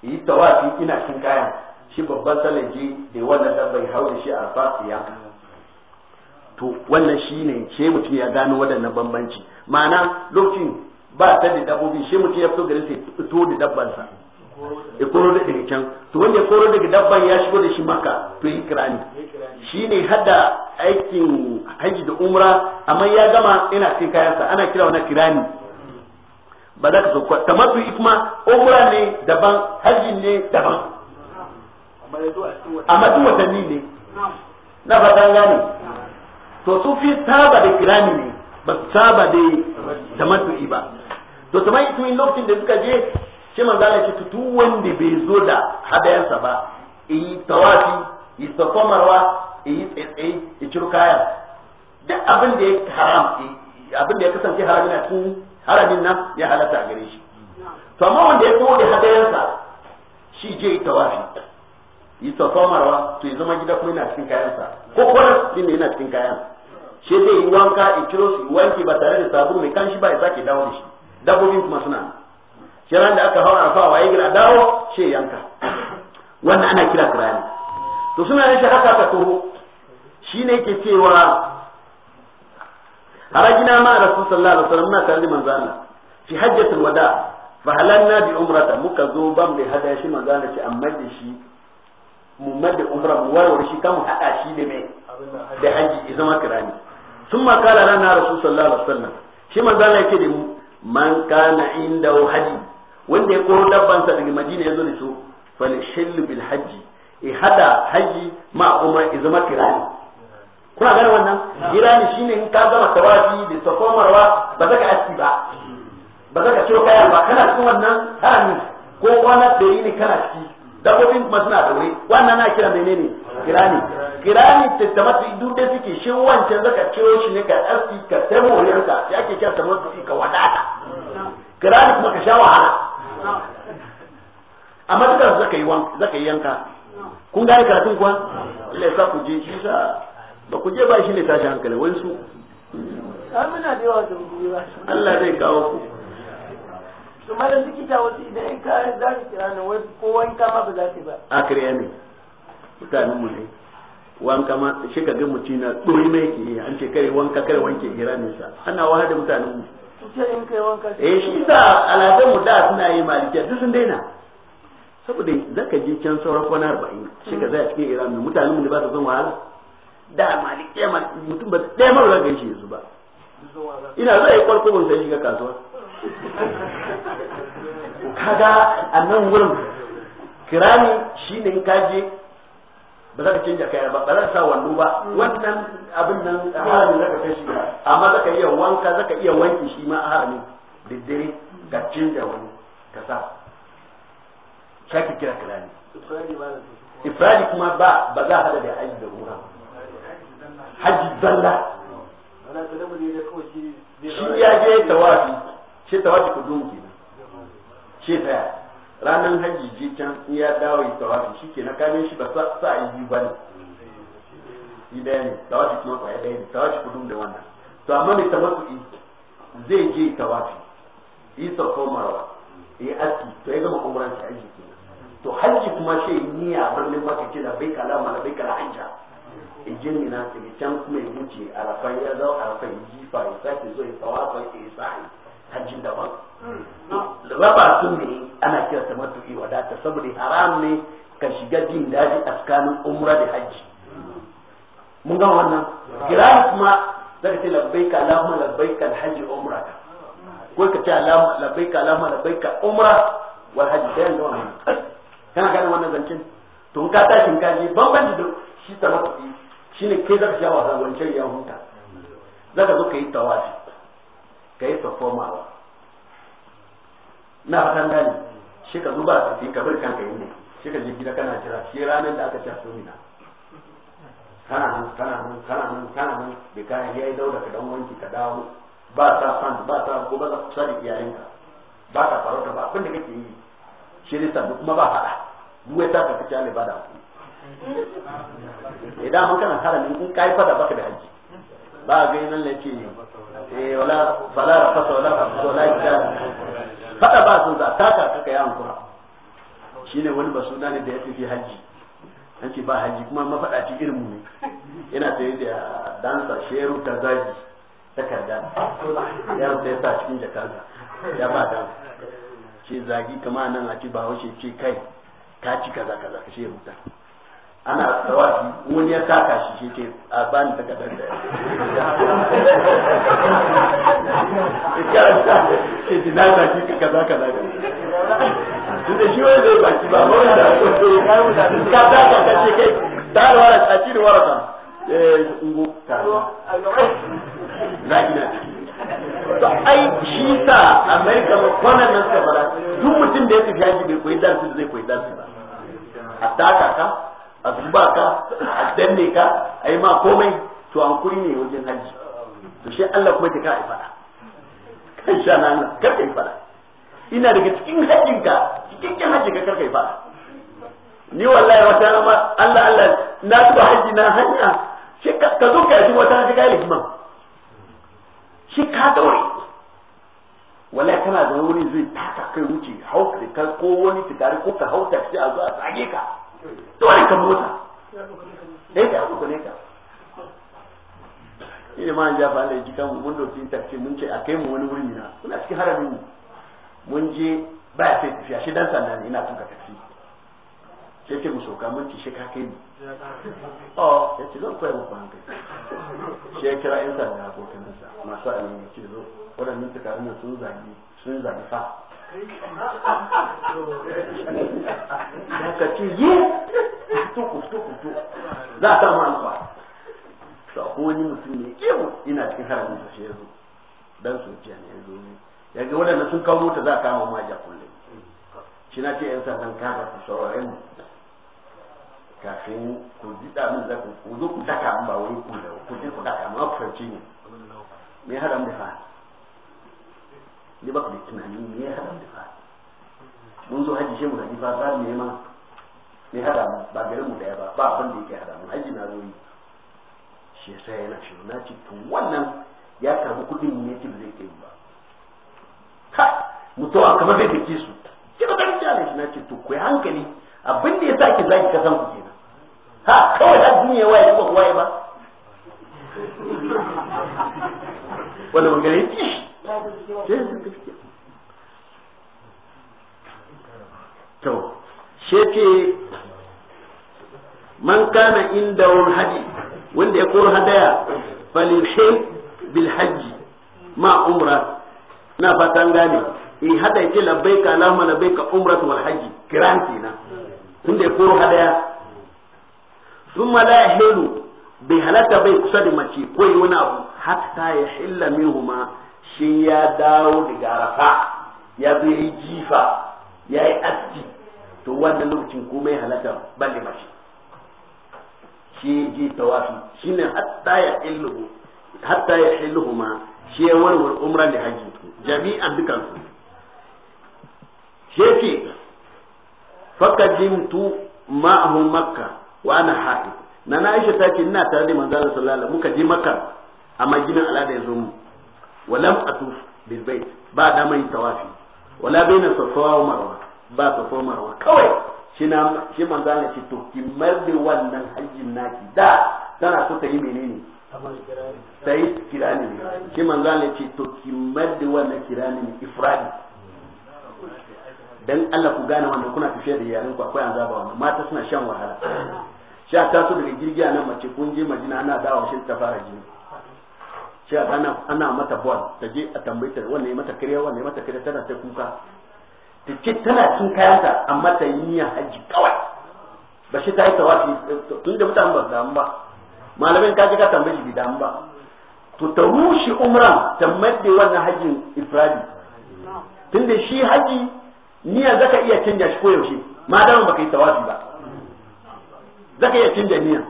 yi tawafi ina cin kaya shi babban salaji da wannan dabba bai hau da shi a fasiya to wannan shi ne ce mutum ya gano waɗannan bambanci ma'ana lokacin ba ta da dabbobi shi mutum ya fito garin sai fito da dabbansa ya koro da daga can to wanda ya koro daga dabban ya shigo da shi maka to yi kirani shi ne hada aikin haji da umra amma ya gama ina cikin kayansa ana kira wani kirani ba za ka so kwa tamattu kuma umra ne daban haji ne daban amma duk watanni ne na fata gane to su fi saba da kirani ne ba saba da tamattu ba to tamattu lokacin da suka je shi manzala ce duk wanda bai zo da hadayansa ba yi tawafi yi safamarwa yi tsaye yi ciro kayan duk abin da ya haram abin da ya kasance haramin a cikin haramin nan ya halatta a gare shi to amma wanda ya zo da hadayansa shi je yi tawafi yi safamarwa to ya zama gida kuma yana cikin kayansa ko kwanan din yana cikin kayan shi zai yi wanka yi ciro su wanki ba tare da sabulu mai kanshi ba ya sake dawo da shi dabbobin kuma suna kiran da aka hawa arfa waye gina dawo she yanka wannan ana kira kirani to suna da shi haka ka toho shine yake cewa harajina ma rasul sallallahu alaihi wasallam na kalli da manzo Allah fi hajjatul wada fa halanna bi umrata muka zo ban bai hada shi manzo Allah ce amma da shi mu mada umra mu warware shi kan hada shi da mai da haji zama kirani sun makala rana rasul sallallahu alaihi wasallam shi manzo Allah yake da mu man kana inda haji wanda ya koro dabbansa daga madina ya zo da su falishillu bil hajji e hada haji ma kuma e zama kirani kuna gane wannan kirani shine in ka gama tawafi da tafomarwa ba zaka aski ba ba zaka ciro kaya ba kana cikin wannan harami ko kwana ɗari ne kana ciki dabbobin kuma suna daure wannan na kira menene kirani kirani ta ta idu da suke shi wancan zaka ciro shi ne ka aski ka taimo yanka shi ake kira tamattu ka wadata kirani kuma ka sha wahala amma duka zaka yi za zaka yi yanka kun gane karatun kuwa Allah ya sa ku je shi sa ba ku je ba shi ne tashi hankali wani su amina da yawa da ba Allah zai kawo ku to malam likita wasu idan ka za ka kira ne wai ko wanka ma ba za ka ba a kare ne mutanen mu ne wanka ma shi ka ga mutum na ɗoyi mai ke an ce kare wanka kare wanke kira ne sa ana wahada mutanen mu eh shi sa aladan mu da suna yi malikiya duk sun daina saboda zaka je can sauran kwana arba'in shi ka zai hmm. cikin iran mutanen mu ba su son wahala da malikiya mutum ba ɗaya mara za ka yi shi yanzu ba ina zai yi kwarko ban sai shiga kasuwa kaga a nan wurin kirani shi ne in kaje ba za ka canja kaya ba ba za ka sa wando ba wannan abin nan a haramin za ka kai shi amma za ka iya wanka za ka iya wanki shi ma a da dare ka canja wani ka sa shaki kira kira ne ifradi kuma ba ba za a hada da haji da umra haji zalla shi ya je tawafi shi tawafi ku dunki shi ta ranar hajji je can in ya dawo ya tawafi shi ke na kame shi ba sa a yi ba ne yi daya ne tawafi kuma kwaya daya ne tawafi kudu da wannan to amma mai tamattu'i zai je tawafi yi ko marawa yi aski to ya gama umaran shi aiki ke to hajji kuma shi yi niyya birnin maka ce da bai kala mana bai kala hajja ijin na daga can kuma ya wuce arafai ya zo arafai ya jifa ya sake zo ya tawafa ya sa'i hajji daban hmm. raba su ne ana kira ta matuki wadata saboda haram ne ka shiga jin daji a tsakanin umra da hajji mun gama wannan kira kuma zaka ce labbaika allahumma ka hajji umra ko ka ce allahumma labbaika allahumma ka umra wa hajji da yanzu wannan kana ganin wannan zancen to ka tashi ka je bambanci da shi ta matuki shine kai zaka shawa wasan wancan ya huta zaka zo ka yi tawafi ka yi performawa na fatan gani shi ka zuba a tafi ka bari kanka yi ne shi ka je kana jira shi ranar da aka ci a kana nan kana nan kana nan kana nan da kayan ya yi dauda ka dan wanki ka dawo ba sa fan ba sa ko ba ta kusa da iyayenka ba ka farauta ba abin da kake yi shi ne sabu kuma ba hada duwai ta taka ka ci ba da ku idan mun kana harami in kai fada baka da haji ba ga yanan lafi ke yi eh, wala fala rafasa wala wala ita fada ba su za ta ka kaka ya hankura shine wani na ne da ya tafi haji an ce ba haji kuma ci irin mu ne yana yi da dansa sheru ta zagi karda ya rubuta ya sa cikin jakarta ya ba dan ce zagi kama nan a ce ba wace ce kai ka ci kaza kaza ka shi rubuta ana tsawafi wani ya taka shi shi ke a bani kadar da ya ce ji na zaki ka kaza kaza ne tun da shi wani zai baki ba ba wanda ka taka ka ce kai da wara a da wara ba eh ungo ta zaki na to ai shi sa amerika ba kwanan nan suka fara duk mutum da ya tafi haji bai koyi darasi zai koyi darasi ba a taka ka a zuba ka a danne ka a yi ma komai to an kuri ne wajen hajji to shi Allah kuma ta kai fada kan sha na Allah kar kai fada ina daga cikin hajjin ka cikin kin hajji ka kar kai fada ni wallahi wata na Allah Allah na tuba hajji na hanya shi ka zo ka yi wata shiga liman shi ka daure wallahi kana da wuri zai taka kai wuce hauka ka ko wani tikari ko ka hauka shi a zuwa tsage ka dole ka motsa eh da ku ne ka ina ma ya ba Allah jikan mu mun doki tafi mun ce a kai mu wani wurin na muna cikin mu. mun je ba ya tafi shi dan sanda ne ina tuka tafi sai ke mu soka mun ci shi ka kai ni oh ya ce zan koya ban hankali shi ya kira yan sanda abokanansa masu alimci zo waɗannan tukarin sun zagi sun zagi fa ka ce yi za a wani mutum ne kiwo ina cikin harbin sa ya zo dan sojiya ne ya zo ne ya ga waɗanda sun kawo mota za a kama maja kullum shi na ce yan sandan kaga ku saurare mu kafin ku jiɗa min za ku zo ku daka ba ku da ku ku daka ne me haram da ni ba ku da tunanin me ya haram da fara mun zo haji shi mu haji fa fara me ma me haram ba garin mu daya ba ba abin da yake haram haji na zo yi shi yasa yana shi na ce to wannan ya karɓi karbi mu ne ce ba zai kai ba ha mutuwa kamar da take su ki ba jale shi na ce to ku hankali abin da yasa ki zaki kasan ku kenan ha kawai da duniya waye ba waye ba wanda bangare yake sai certificate to sheke man kana inda haji wanda ya koro hadaya falishe bil ma umra na fatan gane in hada yake labbaika allahumma labbaika tunda ya koro hadaya la bi halata bai kusa da mace ko wani abu hatta shi ya dawo daga arafa ya zo ya yi jifa ya yi aski to wannan lokacin komai halatta balle mashi shi ya ji tawafi shi ne hatta ya illuhu hatta ma shi ya warwar umran da hajji jami'an dukansu shi ke fakajimtu ma'ahu makka wa ana ha'i na na aisha ta ce ina tare da manzo sallallahu muka je makka a majinin al'ada ya zo mu walam atuf bil ba da tawafi wala baina safa wa marwa ba safa marwa kawai shi na ce to ki marbe wannan hajjin naki da tana so ta yi menene sai kirani ne shi manzo ce to ki marbe wannan kirani ne ifradi dan Allah ku gane wannan kuna tafiya da yaran ku akwai an zaba wannan mata suna shan wahala sha ta daga girgiya nan mace kun je Madina ana dawo shi ta fara jini cewa ana ana mata bol ta je a tambaye ta wanne mata kariya wanne mata kariya tana ta kuka ta ce tana cin kayanta amma ta yi niyyar haji kawai ba shi ta yi tawafi tun da mutane ba su damu ba malamin ka ji ka tambaye shi damu ba to ta rushe umran ta madde wannan hajjin ifradi da shi haji niyya zaka iya canja shi koyaushe ma dama baka yi tawafi ba zaka iya canja niyya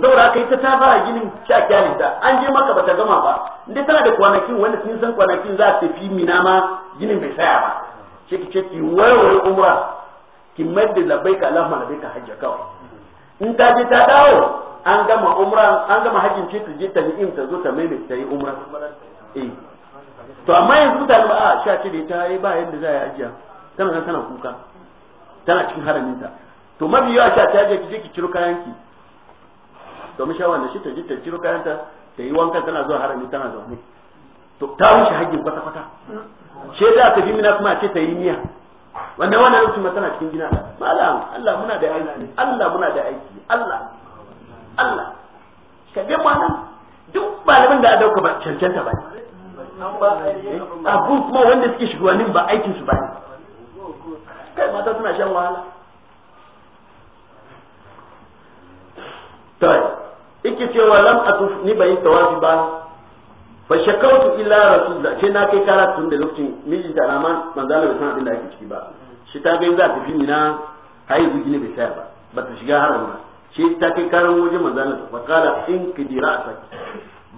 to saboda aka yi ta ta fara ginin sha kyalinta an je maka bata gama ba inda tana da kwanakin wanda sun san kwanakin za ta fi mina ma ginin bai saya ba ce ciki wayo ki warware umra ki mai da labbaika allahumma ka hajja kawai in ta je ta dawo an gama umra an gama hajjin ce ta je ta ni'im ta zo ta mai ta yi umra eh to amma yanzu mutane ba a ah, sha ce da ta yi ba yadda za a yi ajiya tana tana kuka tana cikin haraminta to mabiya sha ta je ki je ki ciro kayan ki domin shawar da shi ta jita ciro kayanta ta yi wankan tana zuwa harami tana zaune to ta wuce hajji kwata kwata she da ta mina kuma ce ta yi niyya wannan wannan lokacin ma tana cikin gina malam Allah muna da aiki Allah muna da aiki Allah Allah ka ga malam duk malamin da a dauka ba cancanta ba abu kuma wanda suke shugabannin ba aikin su ba ne kai mata suna shan wahala to yake cewa lam atuf ni bai tawafi ba fa shakawtu illa rasul sai na kai kara tun da lokacin miji da rama manzo Allah bai san abin da ake ciki ba shi ta ga za ta fi na hayi zugi ne bai tsaya ba ba ta shiga har wannan shi ta kai karan waje manzo Allah fa kala in kidira asak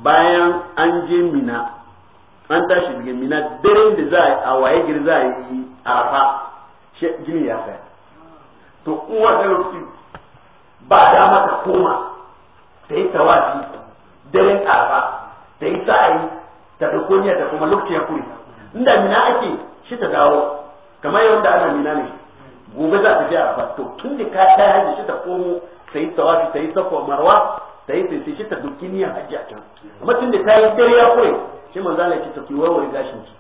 bayan an je mina an tashi daga mina dare da za a waye gir za a yi arafa shi gini ya tsaya to uwa da lokacin ba da mata koma ta yi tawafi daren arfa ta yi sa'ayi ta ɗauko niyya ta kuma lokaci ya kure inda mina ake shi ta dawo kamar yau da ana mina ne gobe za ta je a to tun da ka ɗaya hajji shi ta komo ta yi tawafi ta yi safo marwa ta yi sai shi ta ɗauki niyyar hajji a can amma tun da ta yi dare ya kure shi manzo Allah ya ce ta ki warware gashin ki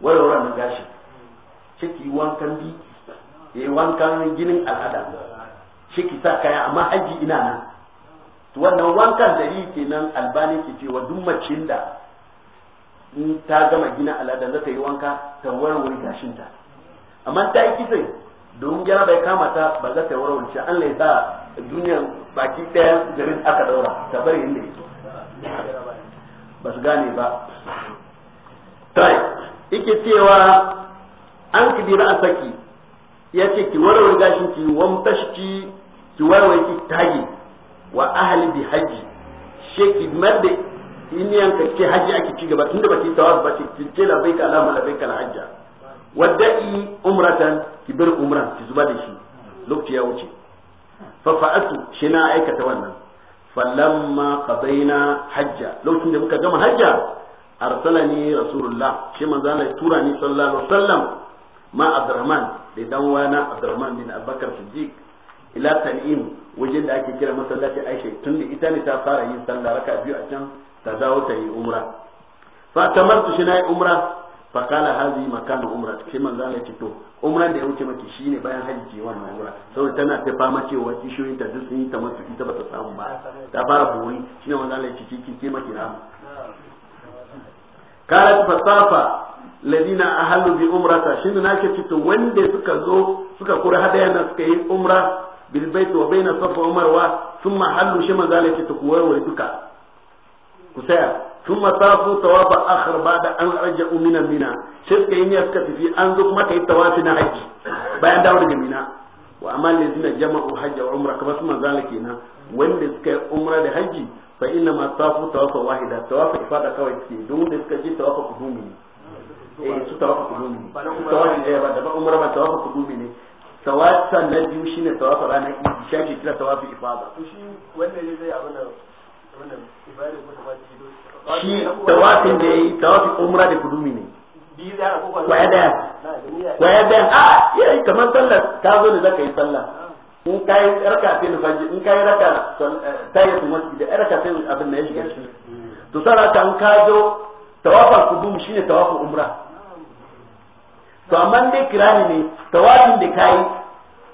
warware nan gashin shi ki wankan bi yayi wankan ginin al'ada shi ki sa kaya amma hajji ina nan to wannan wankan dari kenan albani ke cewa duk macin da in ta gama gina al'ada za ta yi wanka ta warware gashin ta amma ta yi kitse don gyara bai kama ta ba za ta warware shi an laisa duniyar baki ɗaya, garin aka daura ta bari inda yake ba su gane ba tai ike cewa an kibira an saki ya ce ki warware gashin ki wani wamtashi ki warware ki tagi wa ahli bi haji sheki madda in yanka ce haji ake ci gaba tunda ba ki tawaf ba ce ce la baika la mala baika la hajja wada'i umratan ki bar umra ki zuba da shi lokaci ya wuce fa fa'atu shi na aikata wannan falamma qadaina hajja lokacin da muka gama hajja arsalani rasulullah shi manzo Allah tura ni sallallahu alaihi wasallam ma abdurrahman da dan wana abdurrahman bin abubakar siddiq ila tan'im wajen da ake kira masallaci aisha tun da ita ne ta fara yin sallah raka biyu a can ta dawo ta yi umra fa tamartu shi na yi umra fa kala hazi makana umra sai manzo ya ce to umran da ya wuce maki shine bayan hajji wannan umra saboda tana ta fama cewa kishoyin ta duk sun yi ta masu ita bata samu ba ta fara buri shine manzo Allah ya ce ki ki maki ramu karat fasafa ladina ahallu bi umrata shine nake ce to wanda suka zo suka kura hadaya na suka yi umra bil bait wa baina safa wa marwa thumma hallu shi manzo Allah ya ce ta kuwarware duka ku saya thumma tafu tawaba akhar ba'da an raja'u min mina sai suka yi suka tafi an zo kuma kai tawafi na haji bayan dawo daga mina wa amma lazina jama'u hajja wa umra kamar su manzo Allah kenan wanda suka yi da haji fa inna tafu tawafa wahida tawafa kawai don tawafa ne eh, su tawafa tawafa ne tawasa na biyu shine tawasa ranar idi shi ake kira tawafi ifada to shi wanda ne zai abu da ibada ko tawafi shi tawafin da yi tawafi umra da kudumi ne kwaya daya kwaya daya a yi kamar sallar ka zo ne zaka yi sallah ah. in ka yi raka sai fajr in ka yi raka tayyatu masjid raka sai abin da ya shiga shi mm. to sai ka an ka zo tawafin kudumi ne tawafin umra to amma dai kirani ne tawafin da kai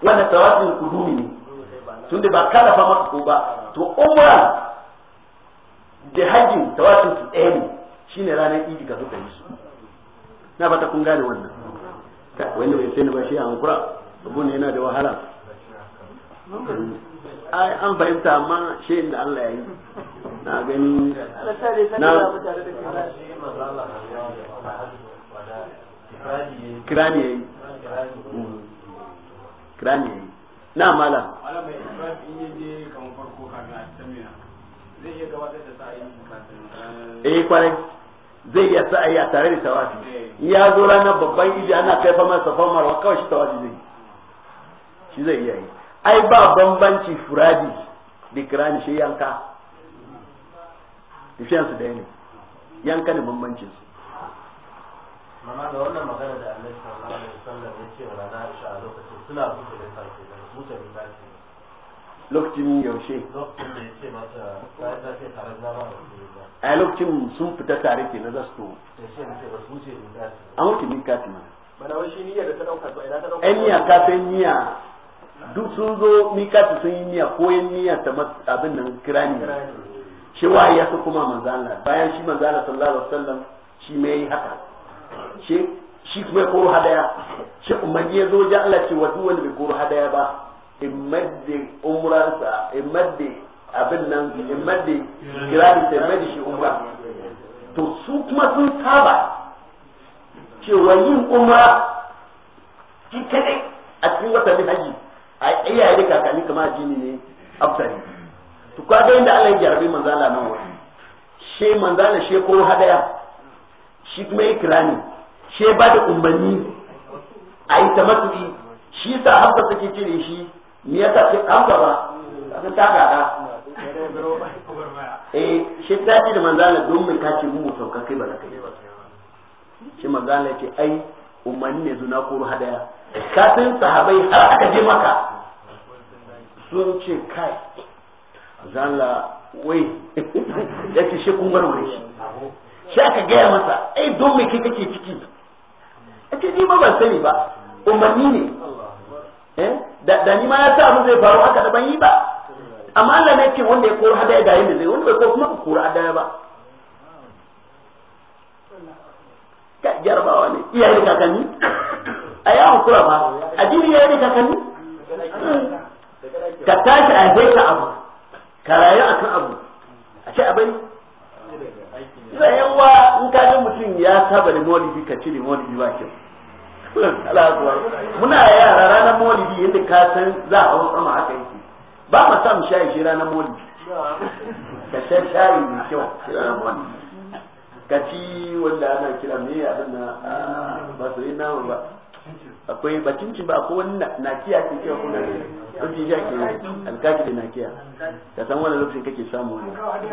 wannan tawafin kudumi ne tunda ba kalafa maka ko ba to umra da hajji tawafin su ɗaya ne shine ranar idi ka zo ka yi su na fata kun gane wannan wanda bai sai ba shi a hankura abu ne yana da wahala ai an fahimta amma shi inda Allah ya yi na gani na kirani yayi kirani yayi na mala eh kwarai zai iya sa a tare da tawafi eh. ya zo ranar babban idi ana kai fama safa marwa kawai shi tawafi zai shi zai iya yi ai ba bambanci furadi da kirani shi yanka tafiyansu da yanka da bambancin mama ga wannan magana da annabi sallallahu alaihi wasallam ya ce wa rana a lokacin suna buɗe da sarki da buɗe da sarki lokacin yaushe lokacin da ya ce mata ta ta ce tare da ba a lokacin sun fita tare ke na za su ce ba su ce an wuce ni kati ma bana wai shi niyyar da ta ɗauka ba idan ta ai niyya ka san niyya duk sun zo ni kati sun yi niyya ko yin niyya ta abin nan kirani shi wa ya kuma manzo bayan shi manzo Allah sallallahu alaihi wasallam shi mai haka shi kuma koro hadaya shi umarni ya zo ja Allah ce wa wani bai koro hadaya ba imadde umransa madde abin nan madde kirari ta madde shi umra to su kuma sun saba cewa yin umra shi kadai a cikin watannin haji a iyaye da kakanni kamar jini ne afsari to kaga inda Allah ya jarabe manzala nan wani she manzala she koro hadaya shi kuma ya kira ne shi ba da umarni a yi ta matuɗi shi sa hamza suke cire da shi me sa ce hamza ba sun ta gada eh shi ta ce da manzana don mai kace mu mu sauka kai ba za ka yi ba shi manzala ce ai umarni ne zuna ko hadaya kafin sahabai har aka je maka sun ce kai zala wai ya ce shi kun warware shi shi aka gaya masa ai don me kai kake ciki a ce ni ma ban sani ba umarni ne eh, da ni ma ya sa abin zai faru haka da ban yi ba amma Allah ne ce wanda ya kora hadaya ga yadda zai wanda bai ko kuma ka kora hadaya ba ka jarabawa ne iyaye da kakanni a yawon kura ba a jini iyaye da kakanni ka tashi a haife ka abu ka rayu akan abu a ce abai zai yawa in ka mutum ya saba da maulidi ka cire maulidi ba kyau muna yara ranar maulidi yadda ka san za a hau sama haka yake ba mu samu shayi shi ranar maulidi ka sha shayi mai kyau shi ranar maulidi ka ci wanda ana kira me abin na ah, ba su yi nama ba akwai ba ba akwai wani nakiya ke cewa ko na lokaci ya ke alkaki da nakiya ka san wani lokacin kake samu wani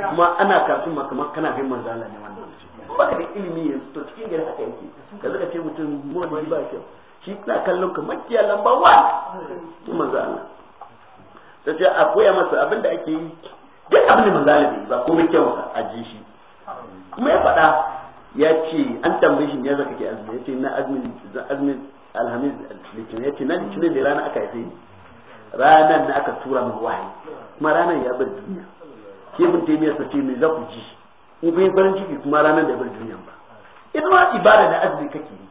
kuma ana kafin ma kamar kana kai manzala ne wannan ba ka da ilimi yanzu to cikin gari haka yake ka zaka ce mutum mawadi ba kyau shi na kallon ka makiya lamba wa to manzala ta ce a koya masa abin da ake yi duk abin da manzala Allah bai ba komai kyau a ji shi kuma ya faɗa ya ce an tambaye shi ne zaka ke azumi ya ce na azumi alhamis litinin ya ce na litinin ne rana aka haife ni ranar na aka tura mu wahayi kuma ranar ya bar duniya ke mun taimiyar miyar ce mai za ku ji in kun yi farin ciki kuma ranar da bar duniya ba ita ma ibada da azumi kake yi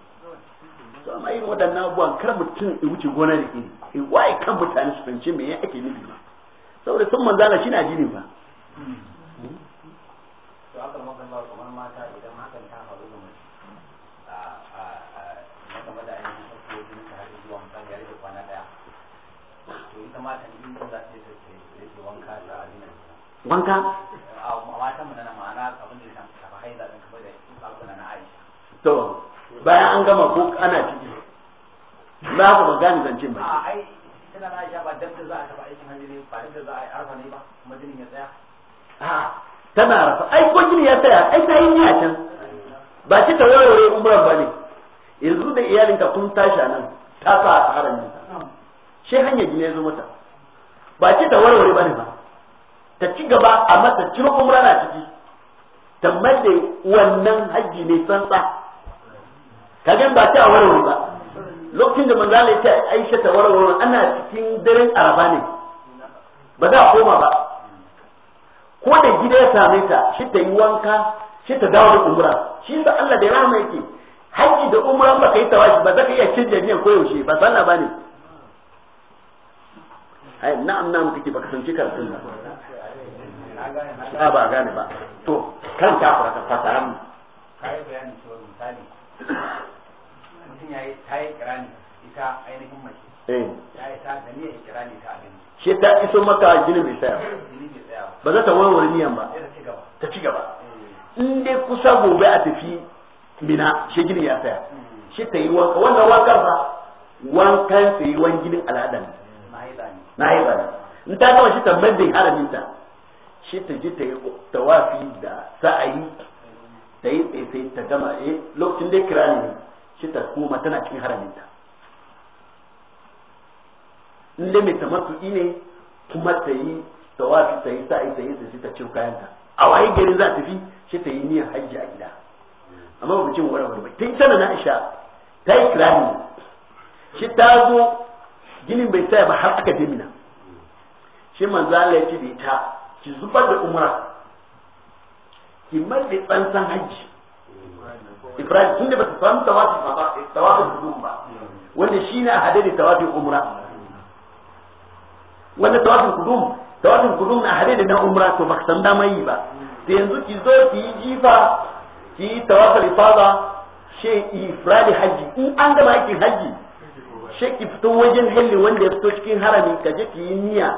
to amma irin waɗannan abubuwan kar mutum ya wuce gona da ke yi waye kan mutane su fahimci me ake nufi ba saboda sun manzana shi na ji ne ba to haka kamar mata idan hakan ta faru wanka to bayan an gama ko ana ciki ba ku ban gane zancen ba ai ina na ba dan za a taba aikin hajji ne ba dan za a yi arfa ne ba kuma jinin ya tsaya a tana arfa ai ko jinin ya tsaya ai ta yi niyya can ba ki ta warware umran ba ne yanzu da iyalinka kun tasha nan ta sa a tsara harami shi hanyar jini ya zo mata ba ki ta warware ba ne ba ta ci gaba a masa ciro umra na ciki ta da wannan haji ne tsantsa gan ba ta warware ba lokacin da manzala ya ce aisha ta warware ana cikin daren araba ne ba za a koma ba ko da gida ya same ta shi ta yi wanka shi ta dawo da umra shi da Allah da rahama yake haji da umra ba kai tawashi ba za ka iya cin jami'an koyaushe ba sallah ba ne na'am na'am kake baka san shi karatun a ba a gane ba to kan ta kafara ka fasara mu yi bayani cewa misali mutum ya yi ta yi kirani ita ainihin mace eh. ya yi ta da niyyar kirani ta abin shi ta iso maka jini bai tsaya ba za ta warware niyan ba ta ci gaba eh. in dai kusa gobe a tafi mina shi gini ya tsaya hmm. shi ta yi wanka wannan wankan ba wankan ta yi wani ginin al'adar hmm. na haiba ne in ta gama shi tambayar da haraminta shi ta ji ta yi tawafi da sa'ayi ta yi tsaye ta gama eh lokacin da kira ne shi ta koma tana cikin haraminta in dai mai tamattu'i ne kuma ta yi tawafi ta yi sa'ayi ta yi ci ta ciwo kayanta a waye gari za ta fi shi ta yi niyyar hajji a gida amma ba ce wani wani ba tun tana na isha ta yi kira ne shi ta zo ginin bai tsaya ba har aka demina shi manzo Allah ya ce da ita ki zubar da umra ki mai da tsantsan hajji ibrahim tun da ba su samu tawafi ba tawafi gudun ba wanda shi ne a hade da tawafin umra wanda tawafin gudun tawafin gudun na hade da na umra to ba ka san dama yi ba to yanzu ki zo ki yi jifa ki yi tawafin ifada she ifradi hajji in an gama aikin hajji she ki fito wajen halli wanda ya fito cikin harami ka je ki yi niyya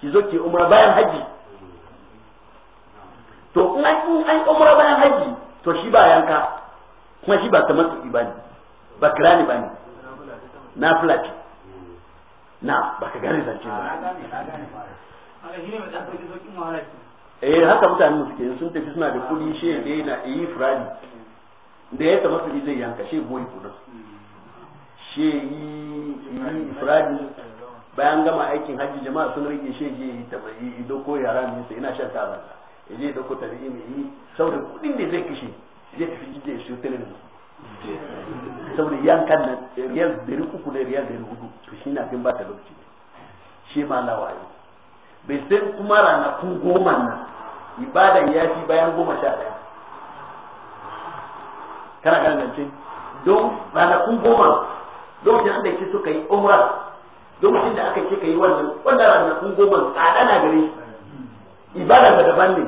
ki zo ki umra bayan hajji to in an umra bayan haji to shi ba yanka kuma shi ba kamar su ba ne ba kira ne ba ne na fulaci na ba ka gane zance ba eh haka mutane mu suke sun tafi suna da kudi shi ya daina yi firani da ya taba su zai yanka shi boye kudin shi yi yi firani bayan gama aikin hajji jama'a sun rage shi ya yi taba yi doko yara ne sai ina shan tabarsa ya da ku tare zai mai yi saboda kudin da zai kashe zai tafi jide ya siyo tele saboda yankan nan riyal dari uku da riyal dari hudu to shi na fin ba ta lokaci shi ma lawaye bai sai kuma ranakun goma nan ibadan ya fi bayan goma sha ɗaya kana ganin nan ce don ranakun goma lokacin da ke suka yi umra lokacin da aka ce ka yi wannan wannan ranakun goma tsada na gare shi ibada ta daban ne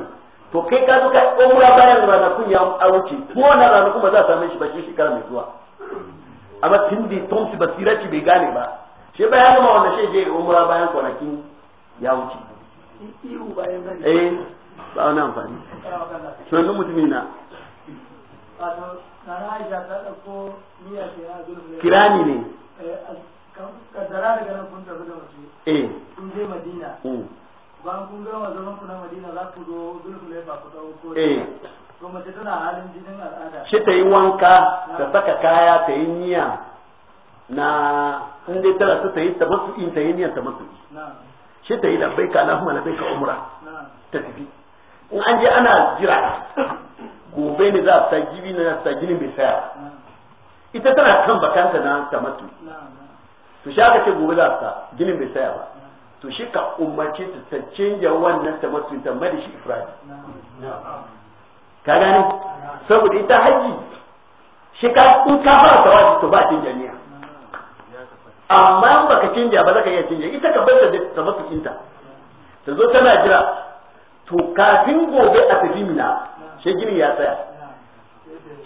to kai ka zo ka umra bayan ranakun ya wuce ko na ranakun ba za a same shi ba shi shekara mai zuwa amma tun da tom shi basira ci bai gane ba shi ba ya gama wannan shi je umra bayan kwanakin ya wuce eh ba wani amfani shi wani mutumi na kirani ne kaddara da wasu madina bayan kun gama zaman ku na madina za ku zo zulkulaifa ku ɗau ko to mace tana halin jinin al'ada shi ta yi wanka ta saka kaya ta yi niyya na in dai tana so ta yi tamattu in ta yi niyya tamattu shi ta yi ka labbaika Allahumma ka umra ta tafi in an je ana jira gobe ne za a sa gibi na sa ginin bai saya ita tana kan bakanta na tamattu to shi aka ce gobe za a sa ginin bai saya ba to shi ka umarci ta ta canja wannan ta masu ta mai da shi ifradi ka gani saboda ita haji shi ka in ka fara tawafi to ba canja niya amma in baka canja ba za ka iya canja ita ka bar da ta masu inta. ta zo tana jira to kafin gobe a tafi mina shi gini ya tsaya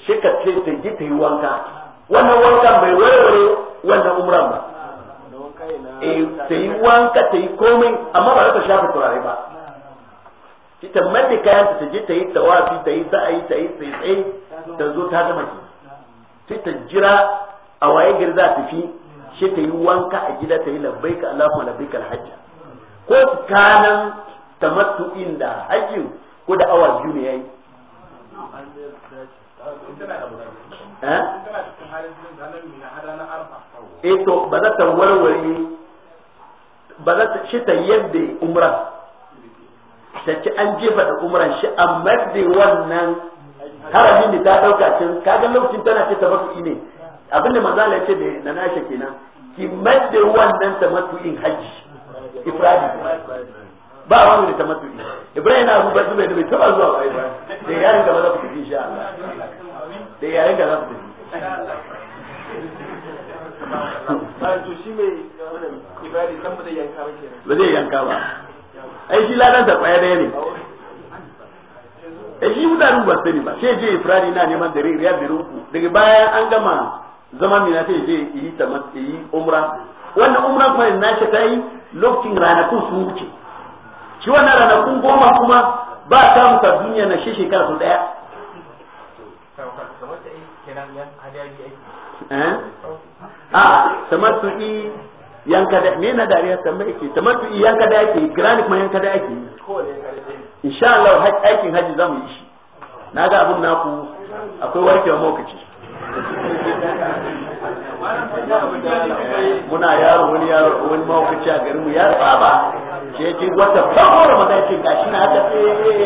shi ka ce ta ta yi wanka wannan wankan bai warware wannan umran ba eh ta yi wanka ta yi komai amma ba za ta shafa turare ba ita manne kayan ta je ta yi tawafi ta yi yi ta yi tsaye ta zo ta gama ki sai ta jira a waye gari za ta fi shi ta yi wanka a gida ta yi labbaika Allahumma labbaika alhajja ko kanan tamattu da haji ko da awa biyu ne yayi eh eh to ba za ta warware ba za ta shi ta yadda umra ta ci an jefa da umran shi amma da wannan haramin da ta dauka cin kaga lokacin tana ce tabattu ne abinda manzo Allah ya ce da na nasha kenan ki madda wannan tamattu'in haji ifradi ba wani da tamattu'i ibrahim na rubar zubai da bai taba zuwa ba da yarin ba za ku tafi insha Allah da yarin gaba za ku tafi ba zai yanka ba ai shi ladan sa kwaya daya ne ai shi mutane ba sani ba sai je ifrani na neman dare riyar da ruku daga bayan an gama zama na sai je yi tamas yi umra wannan umra fa na ce yi lokacin ranakun sun wuce shi wannan ranakun goma kuma ba ta musa duniya na shi shekara su daya eh a tamattu'i yanka da me na dariya tambaye ke tamattu'i yanka da yake granic ma yanka da yake insha Allah haƙ aikin haji zamu yi shi na ga abun naku akwai warkewa mokaci muna yaro wani yaro wani mawakaci a garinmu ya saba shi yake wata farko da mata ce gashi eh, na haka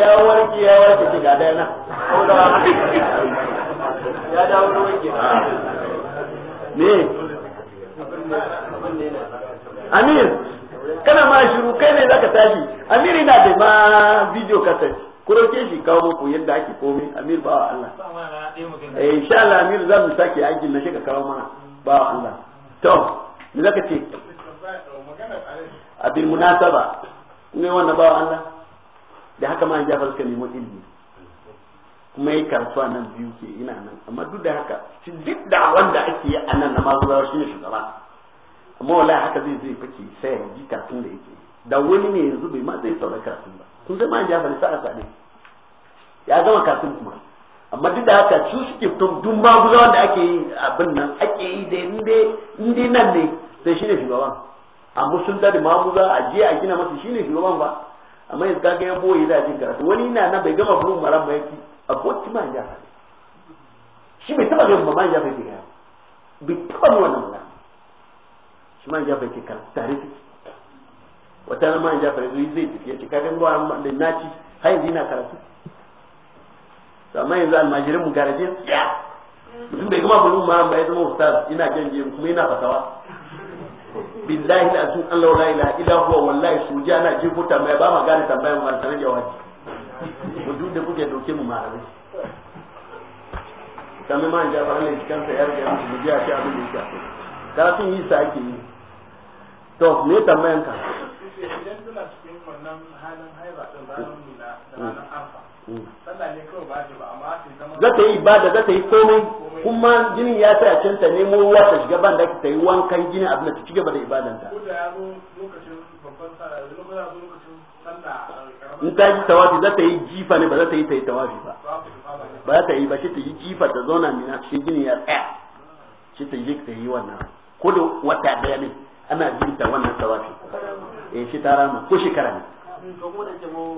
ya warke ya warke ce ga daya na ya dawo da warke ne ah. amir kana ma shiru kai ne zaka tashi amir ina da ma video kasance ku roke shi kawo muku yadda ake komai amir ba Allah eh insha Allah amir za mu sake aikin na shiga kawo mana ba Allah to me zaka ce abin munasaba ne wanda ba Allah da haka ma Jafar ka nemo ilimi kuma yi karatu a nan biyu ke ina nan amma duk da haka duk da wanda ake yi a nan na mazuwa shi ne shugaba amma wala haka zai zai fake sai ji karatun da yake da wani ne yanzu bai ma zai saurari karatun ba sun zama an jafari sa'a sa ne ya gama karatun kuma amma duk da haka su suke fito duk maguzawan da ake yi abin nan ake yi da inda nan ne sai shine shugaban da maguza a je a gina masa shine shugaban ba amma yanzu kaga ya boye da jin karatu wani na nan bai gama maran ba a ma ya shi bai taba ya bai taba wannan ba shi ma jafar ke kan tare take wata ran man jafar zai zai tafi yace ka dinga wa da naci har yanzu ina karatu to amma yanzu almajirin mu garaje ya mutum bai gama bulu ma bai zama ustaz ina janje kuma ina fasawa. billahi da sun Allah la ilaha illa huwa wallahi suja na jifo tambaya ba ma gane tambayan ba tare da wani mu duk da kuke doke mu malamai kamar ma an jafa Allah ya kansa ya riga mu ji a ci abin da yake karatun yi sa ake yi to me tambayan ka yi ibada zata yi komai kuma jinin ya sa can ta nemo ruwa ta shiga ban da ta yi wankan jini abin da ta cigaba da ibadanta ko da in ta yi tawafi za ta yi jifa ne ba za ta yi ta yi tawafi ba ba za ta yi ba shi ta yi jifa ta zauna mina shi jini ya tsaya shi ta yi ta yi wannan ko da wata daya ne ana jinta wannan tawafi eh shi ta rama ko shekara ne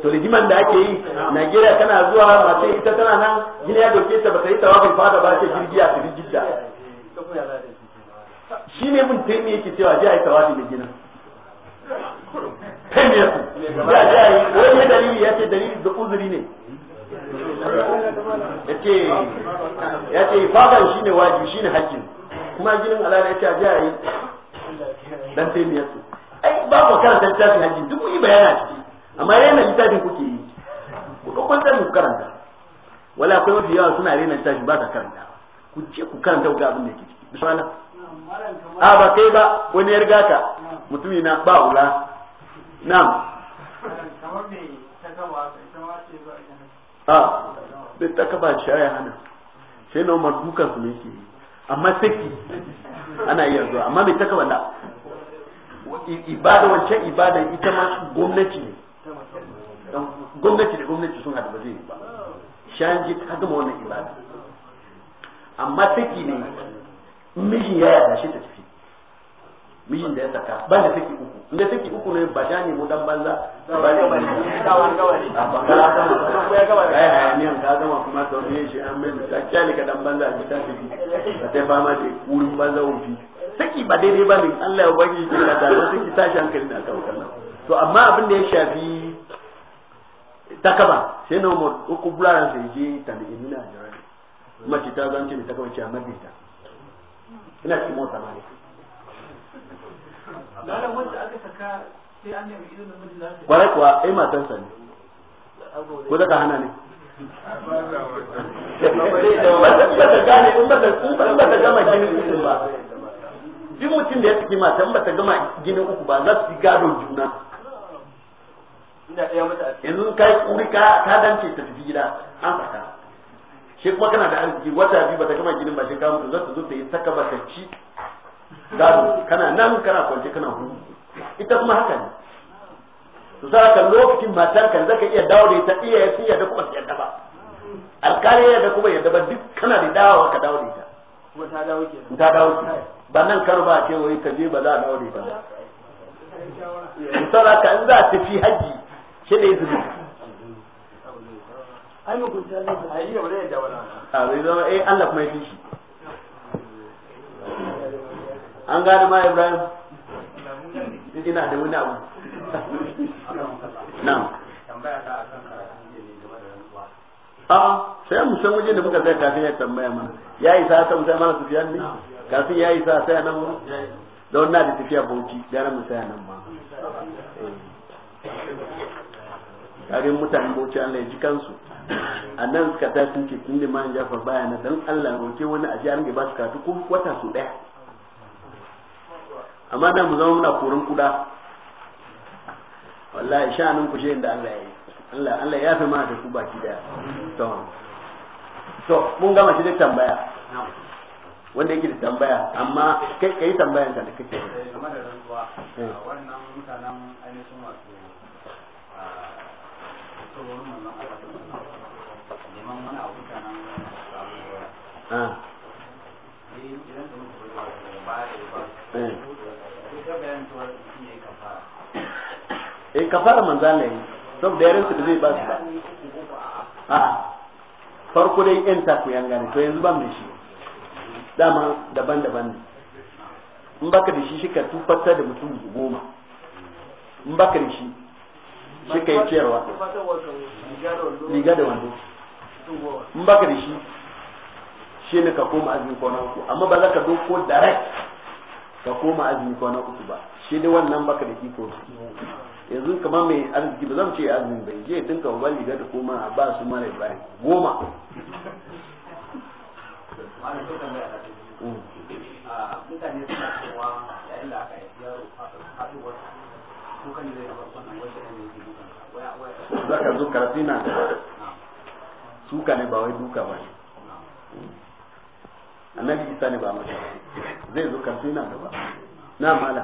to rigiman da ake yi Najeriya tana zuwa mace ita tana nan gina ya doke ta bata yi tawafin fada ba ce jirgiya ta tafi jidda shi ne mun taimi yake cewa ji a yi tawafi da gina taimi ya su ya ji a yi wani dalili ya ce dalili da uzuri ne ya ce fadan shi ne wajibi shi ne hakkin kuma ginin alada ya ce a ji a yi dan sai biyar su ai ba ku karanta littafin hajji duk yi bayana ciki amma rena littafin kuke yi ku dokon sai ku karanta wala akwai mafi yawa suna rena littafin ba ka karanta ku ce ku karanta ga abin da yake ciki bismillah a ba kai ba wani ya riga ka mutumi na ba wula na'am kamar me ta kawa ta ma ce ba a bai ta kafa shi ya hana sai na umar dukansu ne ke yi amma sai ana iya zuwa amma mai taka wanda ibada wancan ibada ita ma gwamnati ne gwamnati da gwamnati sun haɗu ba zai yi ba shanji ta gama wannan ibada amma sai ne mijin ya yada shi ta tafi miyin da ya saka ban da take uku inda take uku ne ba ja ne mu dan banza ba ne ba ka zama kuma to ne shi an mai ta kyale ka dan banza ta tafi ba ta fama da kurin banza fi saki ba daidai ba ne Allah ya ubangi shi da da saki tashi hankali na kawo kallon to amma abin da ya shafi takaba sai na umar uku bulara da je ta da inna jira mace ta zance ne takaba ce a ta ina cikin mota malika malam wanda aka saka sai an nemi izinin mijin lafiya kwarai kuwa ai matansa ne ko da hana ne bata gane ginin uku ba duk mutum da ya saki mata in bata gama ginin uku ba za su yi gadon juna yanzu kai kuri ka ka dance ta tafi gida an saka shi kuma kana da arziki wata biyu bata gama ginin ba shi ka mutu za su zo ta yi saka ba ta ci gado kana nan kana kwance kana hudu ita kuma haka ne su za ka lokacin matar kan zaka iya dawo da ita iya ya iya da kuma yadda ba alkali ya da kuma yadda ba duk kana da dawo ka dawo da ita kuma ta dawo ke ta dawo ba nan kar ba ce wai ka je ba za a dawo da ita ba misala ka in za a tafi haji shi ne zubi ai ta ne ai yi da wani da wani a zai zama eh Allah kuma ya fi shi an gane ma ibrahim ina da wani abu na a sai mu san waje da muka zai kafin ya tambaya mana ya isa ta mu sai mana su ne kafin ya isa sai nan mu da wannan da tafiya bauchi gara mu sai nan ma kare mutanen bauchi Allah ya ji kansu a nan suka tashi sun ce tun da man jafar baya na dan Allah roke wani a ji an ba su kafi ko wata su daya amma da mu zama muna koran kuda wallahi sha'anin ku shi da Allah ya yi Allah Allah ya fi ma da ku baki daya to to mun gama shi da tambaya wanda yake da tambaya amma kai kai tambayan ka da kake eh, game da rantsuwa eh. wannan mutanen ainihin wato a neman wani abu kanan a ah. eh, idan da mutum ba ya ba eh kafara manzan ne yi saboda yaren su zai ba su ba a farko dai yan ta ku yangane to yanzu ban da shi dama daban-daban ne in baka da shi shi ka tufatar da mutum goma in baka da shi shi ka yi ciyarwa liga da wando in baka da shi shi ne ka koma azumi kwanan ku amma ba za ka doko direct ka koma azumi kwana uku ba shi dai wannan baka da kiko yanzu kamar mai arziki ba zan ce azumi bai je dinka ba liga ta koma ba su mara ba goma mm. mutane suna cewa da aka ka suka ne ba wai duka ba ne annabi isa ne ba masa zai zo karfi na gaba na mala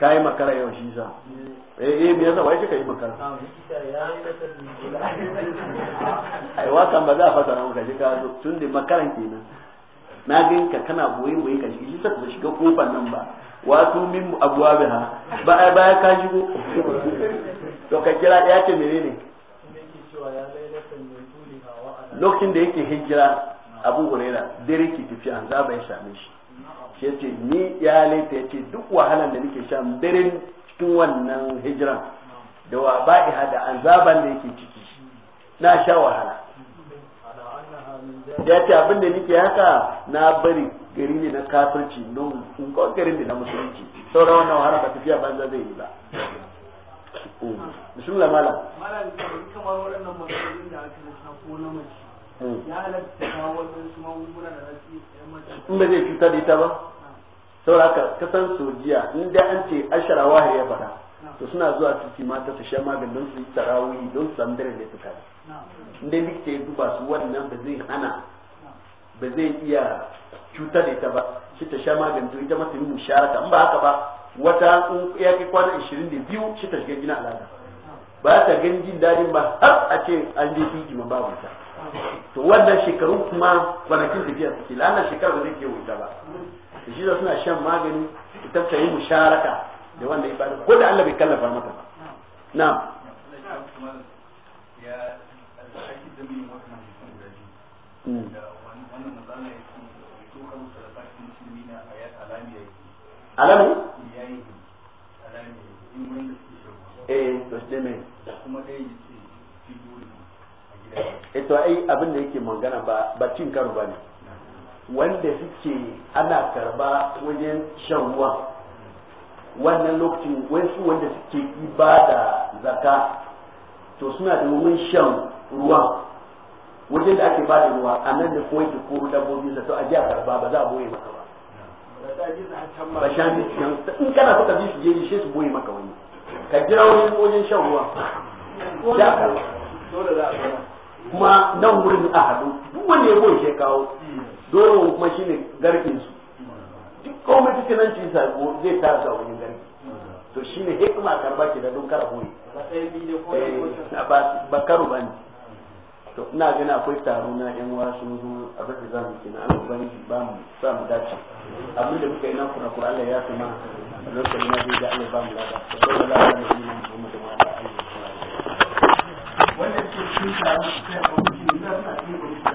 ka yi makara yau shi sa eh eh me yasa wai kika yi makara ah, ai wakan ba za a fasa nan ka ji ka zo tun da makaran kenan na ga ka kana boye boye ka shi sai ka shiga kofar nan ba wato min abwabiha ba ai ba ka shigo to ka kira ya ce menene lokacin da yake hijira abu huraira dare ke tafi an zaba ya same shi shi yace ni ya ta yace duk wahalan da nake sha dare cikin wannan hijiran da wa ba'i da an zaban da yake ciki na sha wahala ya ce abin da nake haka na bari gari ne na kafirci don in garin da na musulunci sauran wannan wahala ba tafiya banza zai yi ba bismillah malam malam kamar waɗannan da ko na mace Hmm. da in ba zai cutar da ita ba sauraka haka kasan sojiya in an ce ashara wahaya ya faɗa to suna zuwa tuki mata su sha maganin don su yi tarawuyi don su samu daren da suka in dai likita ya duba su wannan ba zai hana ba zai iya cutar da ita ba shi ta sha maganin to ita mata yi sharata, in ba haka ba wata ya kai kwana 22 shi ta shiga gina al'ada ba ta ganin jin dadin ba har a ce an je tuki ma babu ta to wannan shekaru kuma kwanakin tafiya suke lana shekara da ke wuta ba shi da suna shan magani ita ta yi musharaka da ya bada ko da Allah bai kallafa mata ba na'am hmm. alamu eh to shi kuma dai ito eh, ai abin da yake magana ba ba cin karo ba ne wanda suke ana karba wajen shan ruwa wannan lokacin wasu wanda suke ibada zaka to suna da wurin shan ruwa wajen da ake ba da ruwa a nan da kawai ke koro dabbobi da to a ji a karba ba za a boye maka ba ba shan ne in kana so ka ji su je shi su boye maka wani ka jira wajen shan ruwa sha karba kuma nan wurin a haɗu duk wanda ya goyi kawo doro kuma shine garkin su duk komai cikin nan cin sako zai ta su a garki to shine hikima karba ke da don kara hoyi eh, ba karu ba ne to ina gani akwai taro na yan wasu a bakin zamu kenan an ubangiji ba mu sa mu dace abin da muka yi nan kuna kuma Allah ya fi ma lokacin na zai ga Allah ba mu lada mu da mu wannan 理解をしてお聞きく